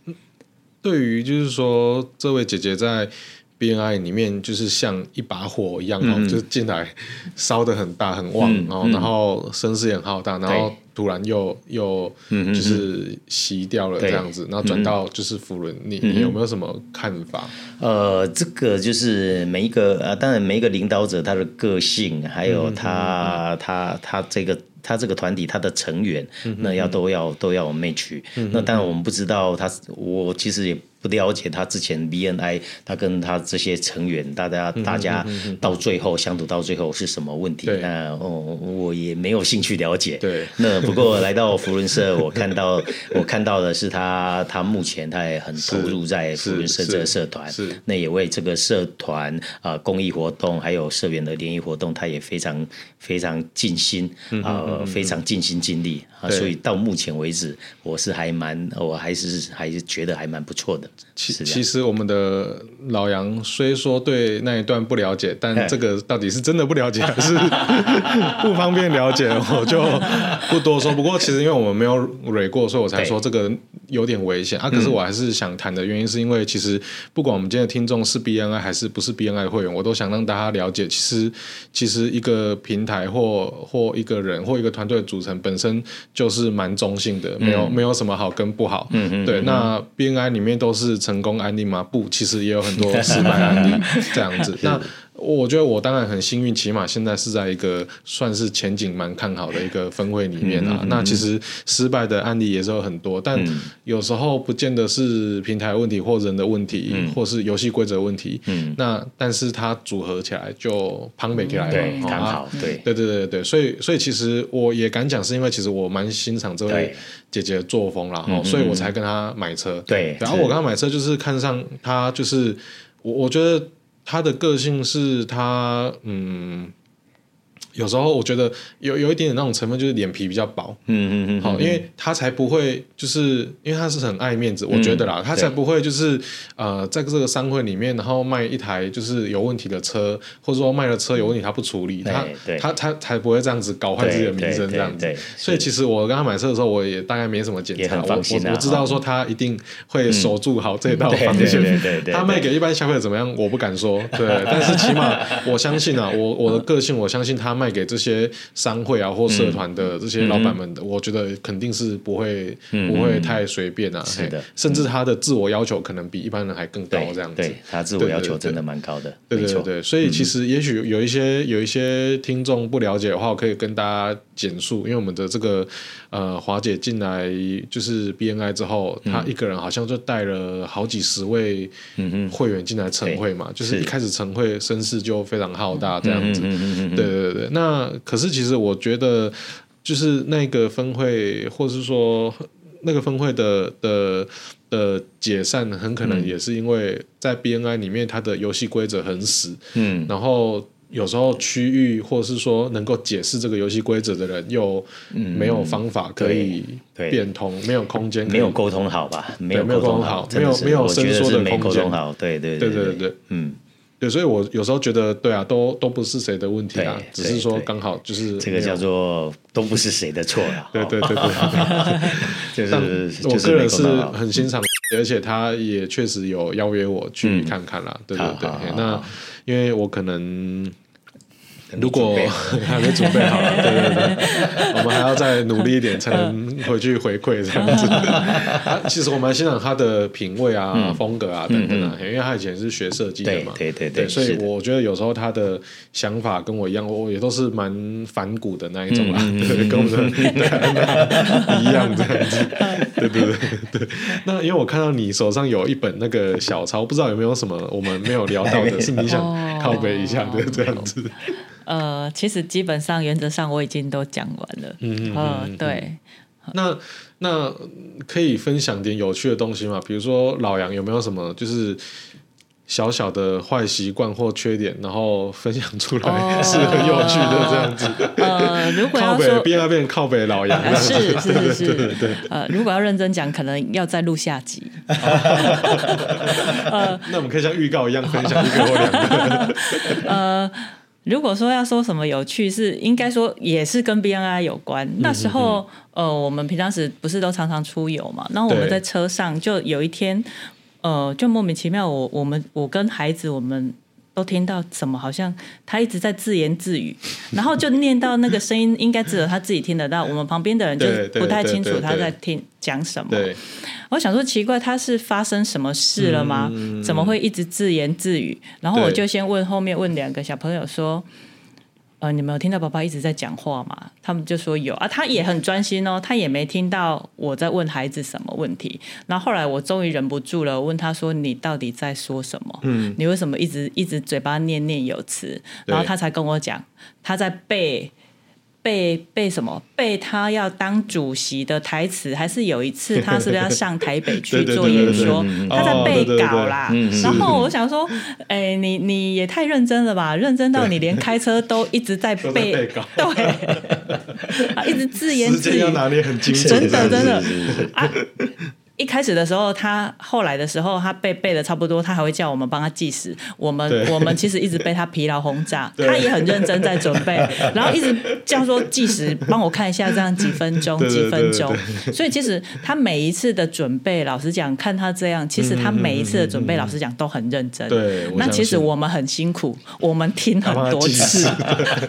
對於就是說，這位姐姐在 B N I 裡面就是像一把火一樣，嗯、就進來燒的很大很旺，嗯、然後、嗯、然後聲勢也很浩大，然後。突然又又就是熄掉了這樣子、嗯哼哼，然後轉到就是扶輪、嗯，你你有沒有什麼看法？呃，這個就是每一個呃、啊，當然每一個領導者他的個性，還有他、嗯、哼哼他他這個他這個團體他的成員，嗯、哼哼那要都要、嗯、哼哼都要我們去。那當然我們不知道他，我其實也。不了解他之前 BNI，他跟他這些成員，大家、嗯、大家到最後相處、嗯、到最後是什麼問題？那我、哦、我也沒有興趣了解。對，那不過來到扶輪社， 我看到我看到的是他，他目前他也很投入在扶輪社這個社團，是,是,是,是那也為這個社團啊、呃、公益活動，還有社員的聯誼活動，他也非常非常盡心啊，非常盡心盡、嗯呃嗯、力啊。所以到目前為止，我是還蠻，我還是還是覺得還蠻不錯的。其實其實，我們的老楊雖說對那一段不了解，但這個到底是真的不了解，還是 不方便了解？我就。不多說，不過其實因為我們沒有蕊過，所以我才說這個有點危險啊。可是我還是想談的原因，是因為其實不管我們今天的聽眾是 B N I 還是不是 B N I 的會員，我都想讓大家了解，其實其實一個平台或或一個人或一個團隊的組成本身就是蠻中性的，嗯、沒有沒有什麼好跟不好。嗯對，嗯那 B N I 裡面都是成功案例嗎？不，其實也有很多失敗案例 這樣子。那我覺得我當然很幸運，起碼現在是在一個算是前景蠻看好的一個分會裡面啊、嗯嗯嗯。那其實失敗的案例也是有很多，但有時候不見得是平台問題或人的問題，嗯、或是遊戲規則問題。嗯，那但是它組合起來就跑不起來了，剛、嗯哦、好。對對對對對，所以所以其實我也敢講，是因為其實我蠻欣賞這位姐姐的作風啦。哦、所以我才跟她買車。對，然後我跟她買車就是看上她，就是我我覺得。他的個性是他，嗯。有時候我覺得有有一點點那種成分，就是臉皮比較薄。嗯嗯嗯。好，因為他才不會，就是因為他是很愛面子，嗯、我覺得啦，他才不會就是呃，在這個商會裡面，然後賣一台就是有問題的車，或者說賣了車有問題，他不處理，他他他才不會這樣子搞壞自己的名聲這樣子對對對對。所以其實我剛剛買車的時候，我也大概沒什麼檢查，啊、我我知道說他一定會守住好這道防線。嗯、對，對，對，對，對，對對對。他賣給一般消費者怎麼樣？我不敢說，對。 但是起碼我相信啊，我我的個性，我相信他賣。賣給這些商會啊或社團的這些老闆們、嗯，我覺得肯定是不會、嗯、不會太隨便啊，是的，甚至他的自我要求可能比一般人還更高，這樣子對對，他自我要求對對對真的蠻高的，對對，對對對，所以其實也許有一些、嗯、有一些聽眾不了解的話，我可以跟大家簡述，因為我們的這個。呃，華姐進來就是 BNI 之後，她、嗯、一個人好像就帶了好幾十位會員進來晨會嘛、嗯，就是一開始晨會聲勢就非常浩大這樣子、嗯哼哼哼哼哼。對對對，那可是其實我覺得，就是那個分會，或是說那個分會的的的解散，很可能也是因為在 BNI 裡面，它的遊戲規則很死。嗯，然後。有時候區域，或是說能夠解釋這個遊戲規則的人，又沒有方法可以變通、嗯，沒有空間，沒有溝通好吧？沒有溝通好，沒有沒有伸縮的空間，對對對對對對、嗯，對，所以我有時候覺得，對啊，都都不是誰的問題啊，只是說剛好就是這個叫做都不是誰的錯啊， 對對對對，就是 我個人是很欣賞，而且他也確實有邀約我去看看啦。嗯、對對對，對，那因為我可能。如果 還沒準備好了， 對對對，我們還要再努力一點，才能回去回饋這樣子。 其實我蠻欣賞他的品味啊、嗯、風格啊等等啊、嗯，因為他以前是學設計的嘛，對對對，對，對，所以我覺得有時候他的想法跟我一樣，我也都是蠻反骨的那一種啦，嗯、對跟我們一樣這樣子、嗯、對對對， 對對對。那因為我看到你手上有一本那個小抄，不知道有沒有什麼我們沒有聊到的， 是你想靠北一下的 這樣子？ 呃，其實基本上原則上我已經都講完了。嗯嗯、哦、對。那那可以分享點有趣的東西嗎？比如說老楊有沒有什麼就是小小的壞習慣或缺點，然後分享出來是很有趣的、哦、這樣子。呃， 呃如果要說變要變成靠北，邊邊靠北老楊、呃，是是是 對對對。呃，如果要認真講，可能要再錄下集 呃。那我們可以像預告一樣分享一個或兩個。 呃。如果說要說什麼有趣，是應該說也是跟 BNI 有關。那時候嗯嗯，呃，我們平常時不是都常常出遊嘛，然後我們在車上就有一天，呃，就莫名其妙我，我我們我跟孩子我們。都聽到什麼？好像他一直在自言自語，然後就念到那個聲音，應該只有他自己聽得到。 我們旁邊的人就不太清楚他在聽講什麼。我想說奇怪，他是發生什麼事了嗎？嗯？怎麼會一直自言自語？然後我就先問後面問兩個小朋友說。呃，你們有聽到爸爸一直在講話嗎？他們就說有啊，他也很專心哦，他也沒聽到我在問孩子什麼問題。然後後來我終於忍不住了，我問他說：“你到底在說什麼？嗯，你為什麼一直一直嘴巴念念有詞？”然後他才跟我講，他在背。背背什麼？背他要當主席的台詞，還是有一次他是不是要上台北去做演、 就是、說？他在背稿啦、哦。然後我想說，對對對對哎，你你也太認真了吧對對，認真到你連開車都一直在背， 在背稿對， 一直自言自語，真的真的一開始的時候，他後來的時候，他背背的差不多，他還會叫我們幫他計時。我們我們其實一直被他疲勞轟炸，他也很認真在準備， 然後一直叫說計時，幫我看一下這樣幾分鐘，幾分鐘。所以其實他每一次的準備，老實講，看他這樣，其實他每一次的準備，嗯嗯、老實講都很認真。對，那其實我們很辛苦，我們聽很多次，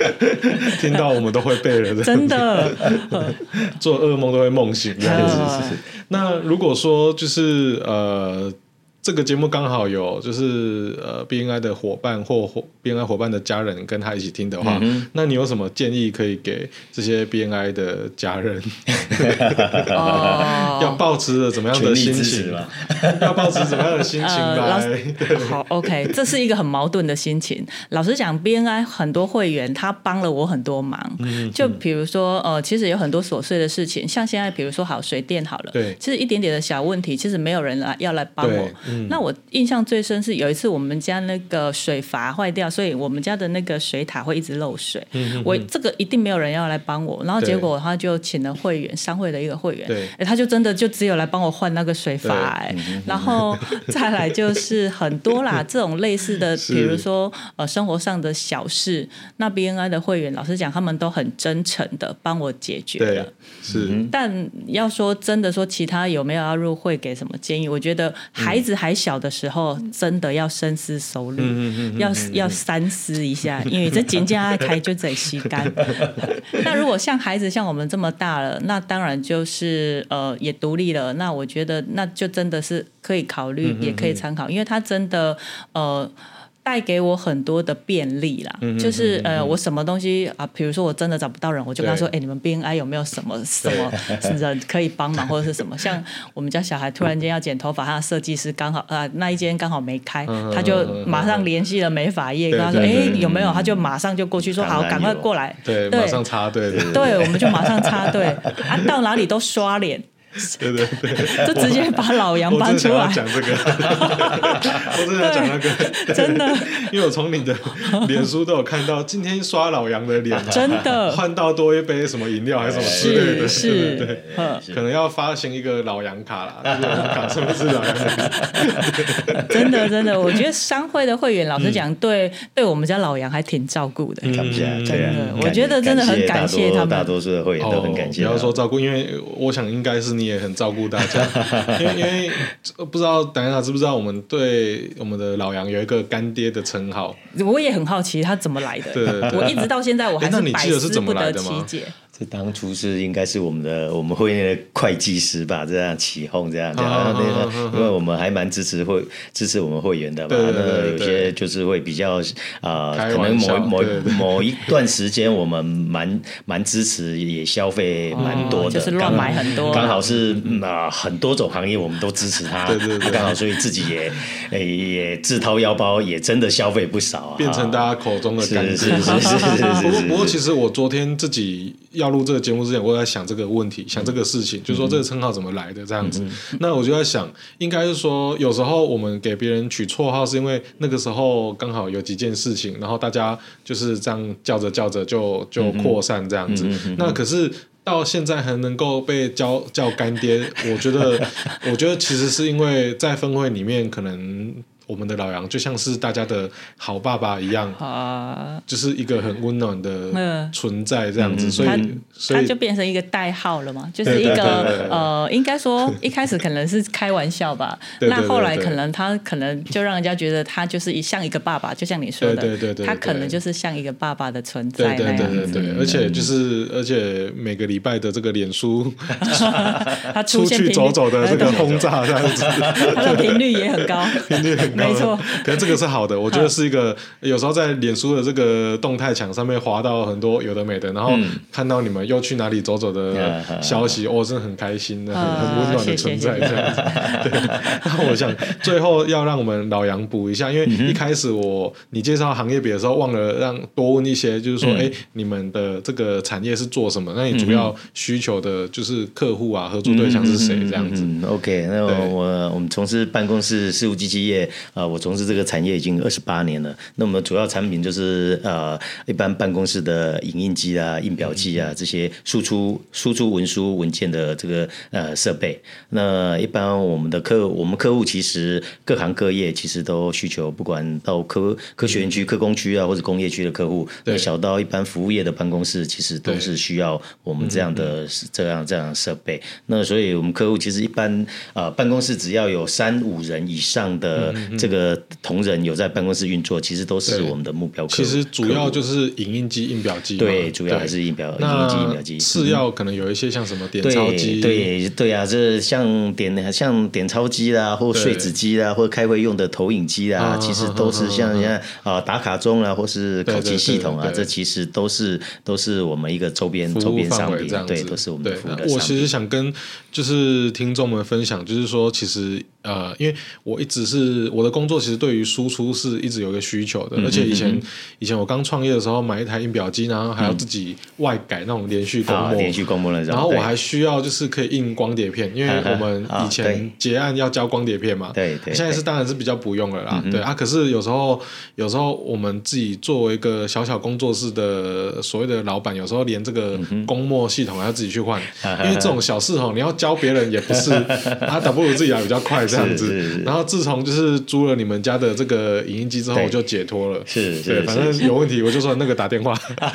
聽到我們都會背了，真的， 做噩夢都會夢醒。 呃 那如果說就是呃。這個節目剛好有，就是呃 B N I 的夥伴或 B N I 夥伴的家人跟他一起聽的話，嗯、那你有什麼建議可以給這些 B N I 的家人、嗯？ 要抱持着怎麼樣的心情？哦、 要抱持怎麼樣的心情吧、呃？好，OK，這是一個很矛盾的心情。老實講，B N I 很多會員他幫了我很多忙，嗯嗯，就比如說呃，其實有很多瑣碎的事情，像現在比如說好水電好了，對，其實一點點的小問題，其實沒有人來要來幫我。那我印象最深是有一次我們家那個水閥壞掉，所以我們家的那個水塔會一直漏水。嗯、哼哼，我這個一定沒有人要來幫我，然後結果他就請了會員，商會的一個會員，對、欸，他就真的就只有來幫我換那個水閥、欸。然後再來就是很多啦， 這種類似的，比如說呃，生活上的小事，那 BNI 的會員老實講，他們都很真誠的幫我解決了。對是、嗯。但要說真的說，其他有沒有要入會給什麼建議？我覺得孩子還。還小的時候，真的要深思熟慮、嗯，要、嗯、要，要三思一下，嗯、因為這緊接開就得吸乾。 那如果像孩子像我們這麼大了，那當然就是呃也獨立了，那我覺得那就真的是可以考慮、嗯，也可以參考，因為他真的呃。帶給我很多的便利啦，嗯、哼哼哼就是呃，我什麼東西啊？比如說我真的找不到人，我就跟他說：“哎，你們 BNI 有沒有什麼什麼， 什麼人可以幫忙或者是什麼？”像我們家小孩突然間要剪頭髮， 他的設計師剛好呃那一間剛好沒開，嗯哼哼哼哼，他就馬上聯繫了美髮業，對對對對跟他說：“哎，有沒有？”他就馬上就過去說：“好，趕快過來。對”對，馬上插隊。對，我們就馬上插隊。他、 啊、到哪裡都刷臉。對對對，就直接把老楊搬出來。講這個， 我真的講那個對對對，真的。因為我從你的臉書都有看到，今天刷老楊的臉， 真的換到多一杯什麼飲料還是什麼是的，是是，可能要發行一個老楊卡啦、就是、卡是不是啊？ 真的真的，我覺得商會的會員老師，老實講，對對我們家老楊還挺照顧的。來，真的、嗯，我覺得真的很感謝他們。大多數的會員都很感謝、哦，不要說照顧、嗯，因為我想應該是你。也很照顧大家，因為，因為不知道等一下知不知道我們對我們的老楊有一個乾爹的稱號，我也很好奇他怎麼來的。對對對，我一直到現在我還是百思不得其解。欸是當初是應該是我們的我們會員的會計師吧，這樣起哄這樣、嗯、這樣、嗯嗯嗯，因為我們還蠻支持會支持我們會員的嘛，對對對對那有些就是會比較啊、呃，可能某對對對某某一段時間我們蠻蠻支持，也消費蠻多的，哦剛，就是剛，很多啊、剛好是啊、嗯呃、很多種行業我們都支持他， 對對，對，剛好所以自己也 也自掏腰包，也真的消費不少啊，變成大家口中的乾爹、啊、是是是是是。不過其實我昨天自己要。加入這個節目之前，我在想這個問題，嗯、想這個事情，嗯、就是、說這個稱號怎麼來的這樣子。嗯、那我就在想，嗯、應該是說有時候我們給別人取綽號，是因為那個時候剛好有幾件事情，然後大家就是這樣叫着叫着就就擴散這樣子、嗯嗯嗯嗯。那可是到現在還能夠被叫叫乾爹， 我覺得，我覺得其實是因為在分會裡面可能。我們的老楊就像是大家的好爸爸一樣啊，就是一個很溫暖的存在這樣子，嗯、所以，他，所以他就變成一個代號了嘛，就是一個對對對對呃，應該說 一開始可能是開玩笑吧，對對對對那後來可能他可能就讓人家覺得他就是一像一個爸爸， 就像你說的，對對對，對，他可能就是像一個爸爸的存在對，對對對，而且就是、嗯、而且每個禮拜的這個臉書， 他出、現出去走走的這個轟炸這樣子， 他的頻率也很高 ，頻率很。沒錯，可是這個是好的，我覺得是一個有時候在臉書的這個動態牆上面滑到很多有的沒的，然後看到你們又去哪裡走走的消息，我、嗯哦、是很開心的，嗯、很溫暖的存在、嗯、這樣子。謝謝，對那我想 最後要讓我們老楊補一下，因為一開始我你介紹行業別的時候忘了讓多問一些，就是說，哎、嗯欸，你們的這個產業是做什麼？那你主要需求的就是客戶啊，合作對象是誰？嗯、這樣子。嗯、嗯、嗯、嗯、嗯、OK，那我那我們從事辦公室事務機器業。啊、呃，我從事這個產業已經二十八年了。那麼主要產品就是呃，一般辦公室的影印機啊、印表機啊、嗯、這些輸出輸出文書文件的這個呃設備。那一般我們的客我們客戶其實各行各業其實都需求，不管到科、嗯、科學園區、科工區啊，或者工業區的客戶，對。那小到一般服務業的辦公室，其實都是需要我們這樣的這樣這樣設備。那所以我們客戶其實一般啊、呃，辦公室只要有三五人以上的。這個同仁有在辦公室運作，其實都是我們的目標客戶，其實主要就是影印機、印表機對。對，主要還是印表、影印機、印表機。次要可能有一些像什麼點鈔機，對對呀，這、啊就是、像點像點鈔機啦，或碎紙機啦，或開會用的投影機啦，啊、其實都是像現在啊，啊打卡鐘啊，或是考勤系統啊對對對對對對對，這其實都是都是我們一個周邊周邊商品，對，都是我們的，服務的。我其實想跟就是聽眾們分享，就是說其實。呃，因為我一直是我的工作，其實對於輸出是一直有一個需求的。嗯哼嗯哼，而且以前以前我剛創業的時候，買一台印表機，然後還要自己外改那種連續供墨，哦，連續供墨，然後我還需要就是可以印光碟片，嗯，因為我們以前結案要交光碟片嘛。嗯哦、對現在是當然是比較不用了啦。對，對，對，對、嗯、啊，可是有時候有時候我們自己作為一個小小工作室的所謂的老闆，有時候連這個供墨系統，還要自己去換，嗯，因為這種小事哦、喔， 你要教別人也不是，他倒不如自己來比較快。 這樣子，然後自從就是租了你們家的這個影印機之後，我就解脫了。是是、是、是對，反正有問題我就說那個打電話打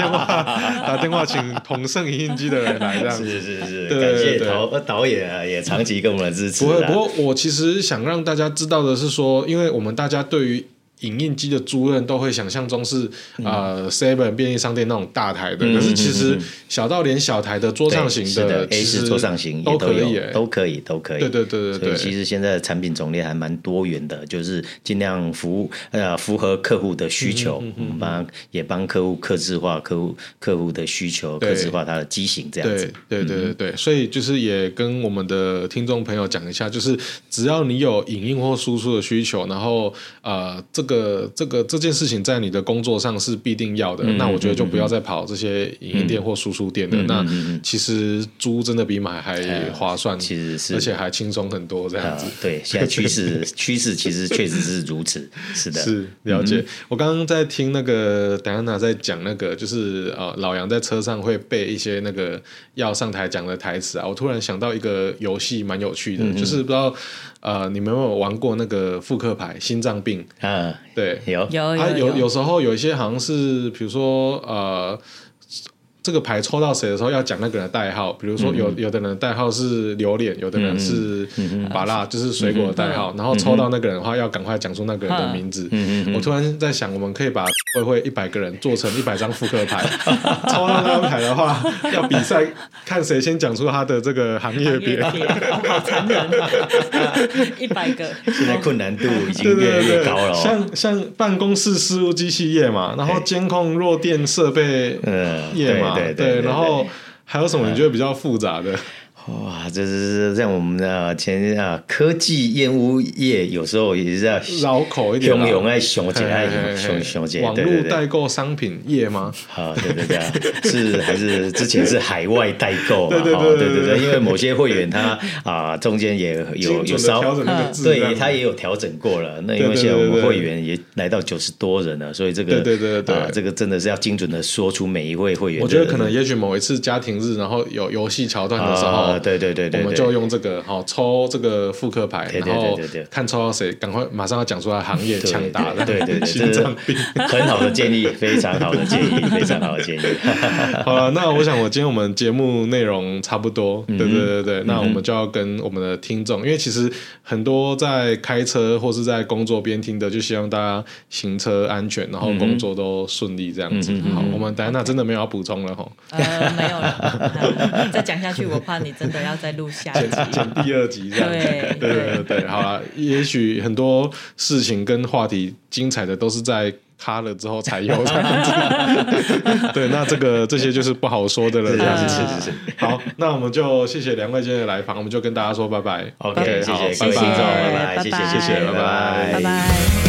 電話打電話，打電話請同盛影印機的人來這樣子。是、是是是，對，導對導演啊，也長期給我們支持、啊不。不過我其實想讓大家知道的是說，因為我們大家對於。影印機的租賃都會想象中是、嗯、呃 seven 便利商店那種大台的，嗯，可是其實小到連小台的桌上型的，對是的 A 四桌上型都，都可以、欸、都可以，都可以，對對對對。所以其實現在的產品種類還蠻多元的，就是儘量服呃、嗯啊、符合客戶的需求，嗯、我們幫也幫客戶客製化客戶客戶的需求，客製化他的機型這樣子。對對對對、嗯，所以就是也跟我們的聽眾朋友講一下，就是只要你有影印或輸出的需求，然後呃這個。這個這個這件事情在你的工作上是必定要的，嗯、那我覺得就不要再跑這些營業店或輸出店的，嗯。那其實租真的比買還划算，哎，其實是而且還輕鬆很多這樣子，嗯。對，現在趨勢 趨勢其實確實是如此，是的，是了解、嗯。我剛剛在聽那個戴安娜在講那個，就是呃老楊在車上會背一些那個要上台講的台詞啊，我突然想到一個遊戲蠻有趣的，嗯嗯就是不知道。呃，你們有沒有玩過那個撲克牌心臟病？啊，對，有、啊、有，有有時候有一些好像是，比如說呃。這個牌抽到誰的時候要講那個人的代號，比如說有、嗯、有的人的代號是榴蓮，有的人是芭樂、嗯，就是水果的代號、嗯。然後抽到那個人的話，要趕快講出那個人的名字。嗯、我突然在想，我們可以把會會一百個人做成一百張復刻牌、嗯，抽到那張牌的話、嗯，要比賽看誰先講出他的這個行業別。業 哦、好殘忍，一 百個。現在困難度已經越來越高了、哦。像像辦公室事務機器業嘛，然後監控弱電設備業嘛。嗯對對，對，對，對對，然後還有什麼你覺得比較複雜的？嗯哇，這是是像我們的、啊、前啊科技燕屋業務業，有時候也是要繞口一點，洶湧愛熊，姐單愛熊，熊熊簡。網絡代購商品業嗎？啊，對對對，對對對 是還是之前是海外代購嘛？對對對對，對,對,對,對,對,對，因為某些會員他啊中間也有有稍微對他也有調整過了對對對對對。那因為現在我們會員也來到九十多人了，所以這個對對對對、對、啊，這個真的是要精準的說出每一位會員。我覺得可能也許某一次家庭日，然後有遊戲橋段的時候。啊哦、對,對,對,對,對對對對，我們就用這個好抽這個復刻牌對對對對對對，然後看抽到誰，趕快馬上要講出來行業強大的對對對,對,對,對,對,對、心臟病 這很好的建議， 非常好的建議，非常 好的建議。好了，那我想我今天我們節目內容差不多，對對對對、嗯，那我們就要跟我們的聽眾、嗯，因為其實很多在開車或是在工作邊聽的，就希望大家行車安全，然後工作都順利這樣子。嗯、好，我們等下，okay. 那真的沒有要補充了哈、呃，沒有了，啊、 再講下去我怕你真。要再錄下，剪剪第二集這樣子。對 對對對，好吧、啊。也許很多事情跟話題精彩的都是在卡了之後才有。 對，那這個這些就是不好說的了。謝謝謝好， 那我們就謝謝兩位今天的來訪，我們就跟大家說拜拜。OK，好謝，謝，拜，拜，謝，謝拜拜，拜拜，謝謝，謝謝，拜拜。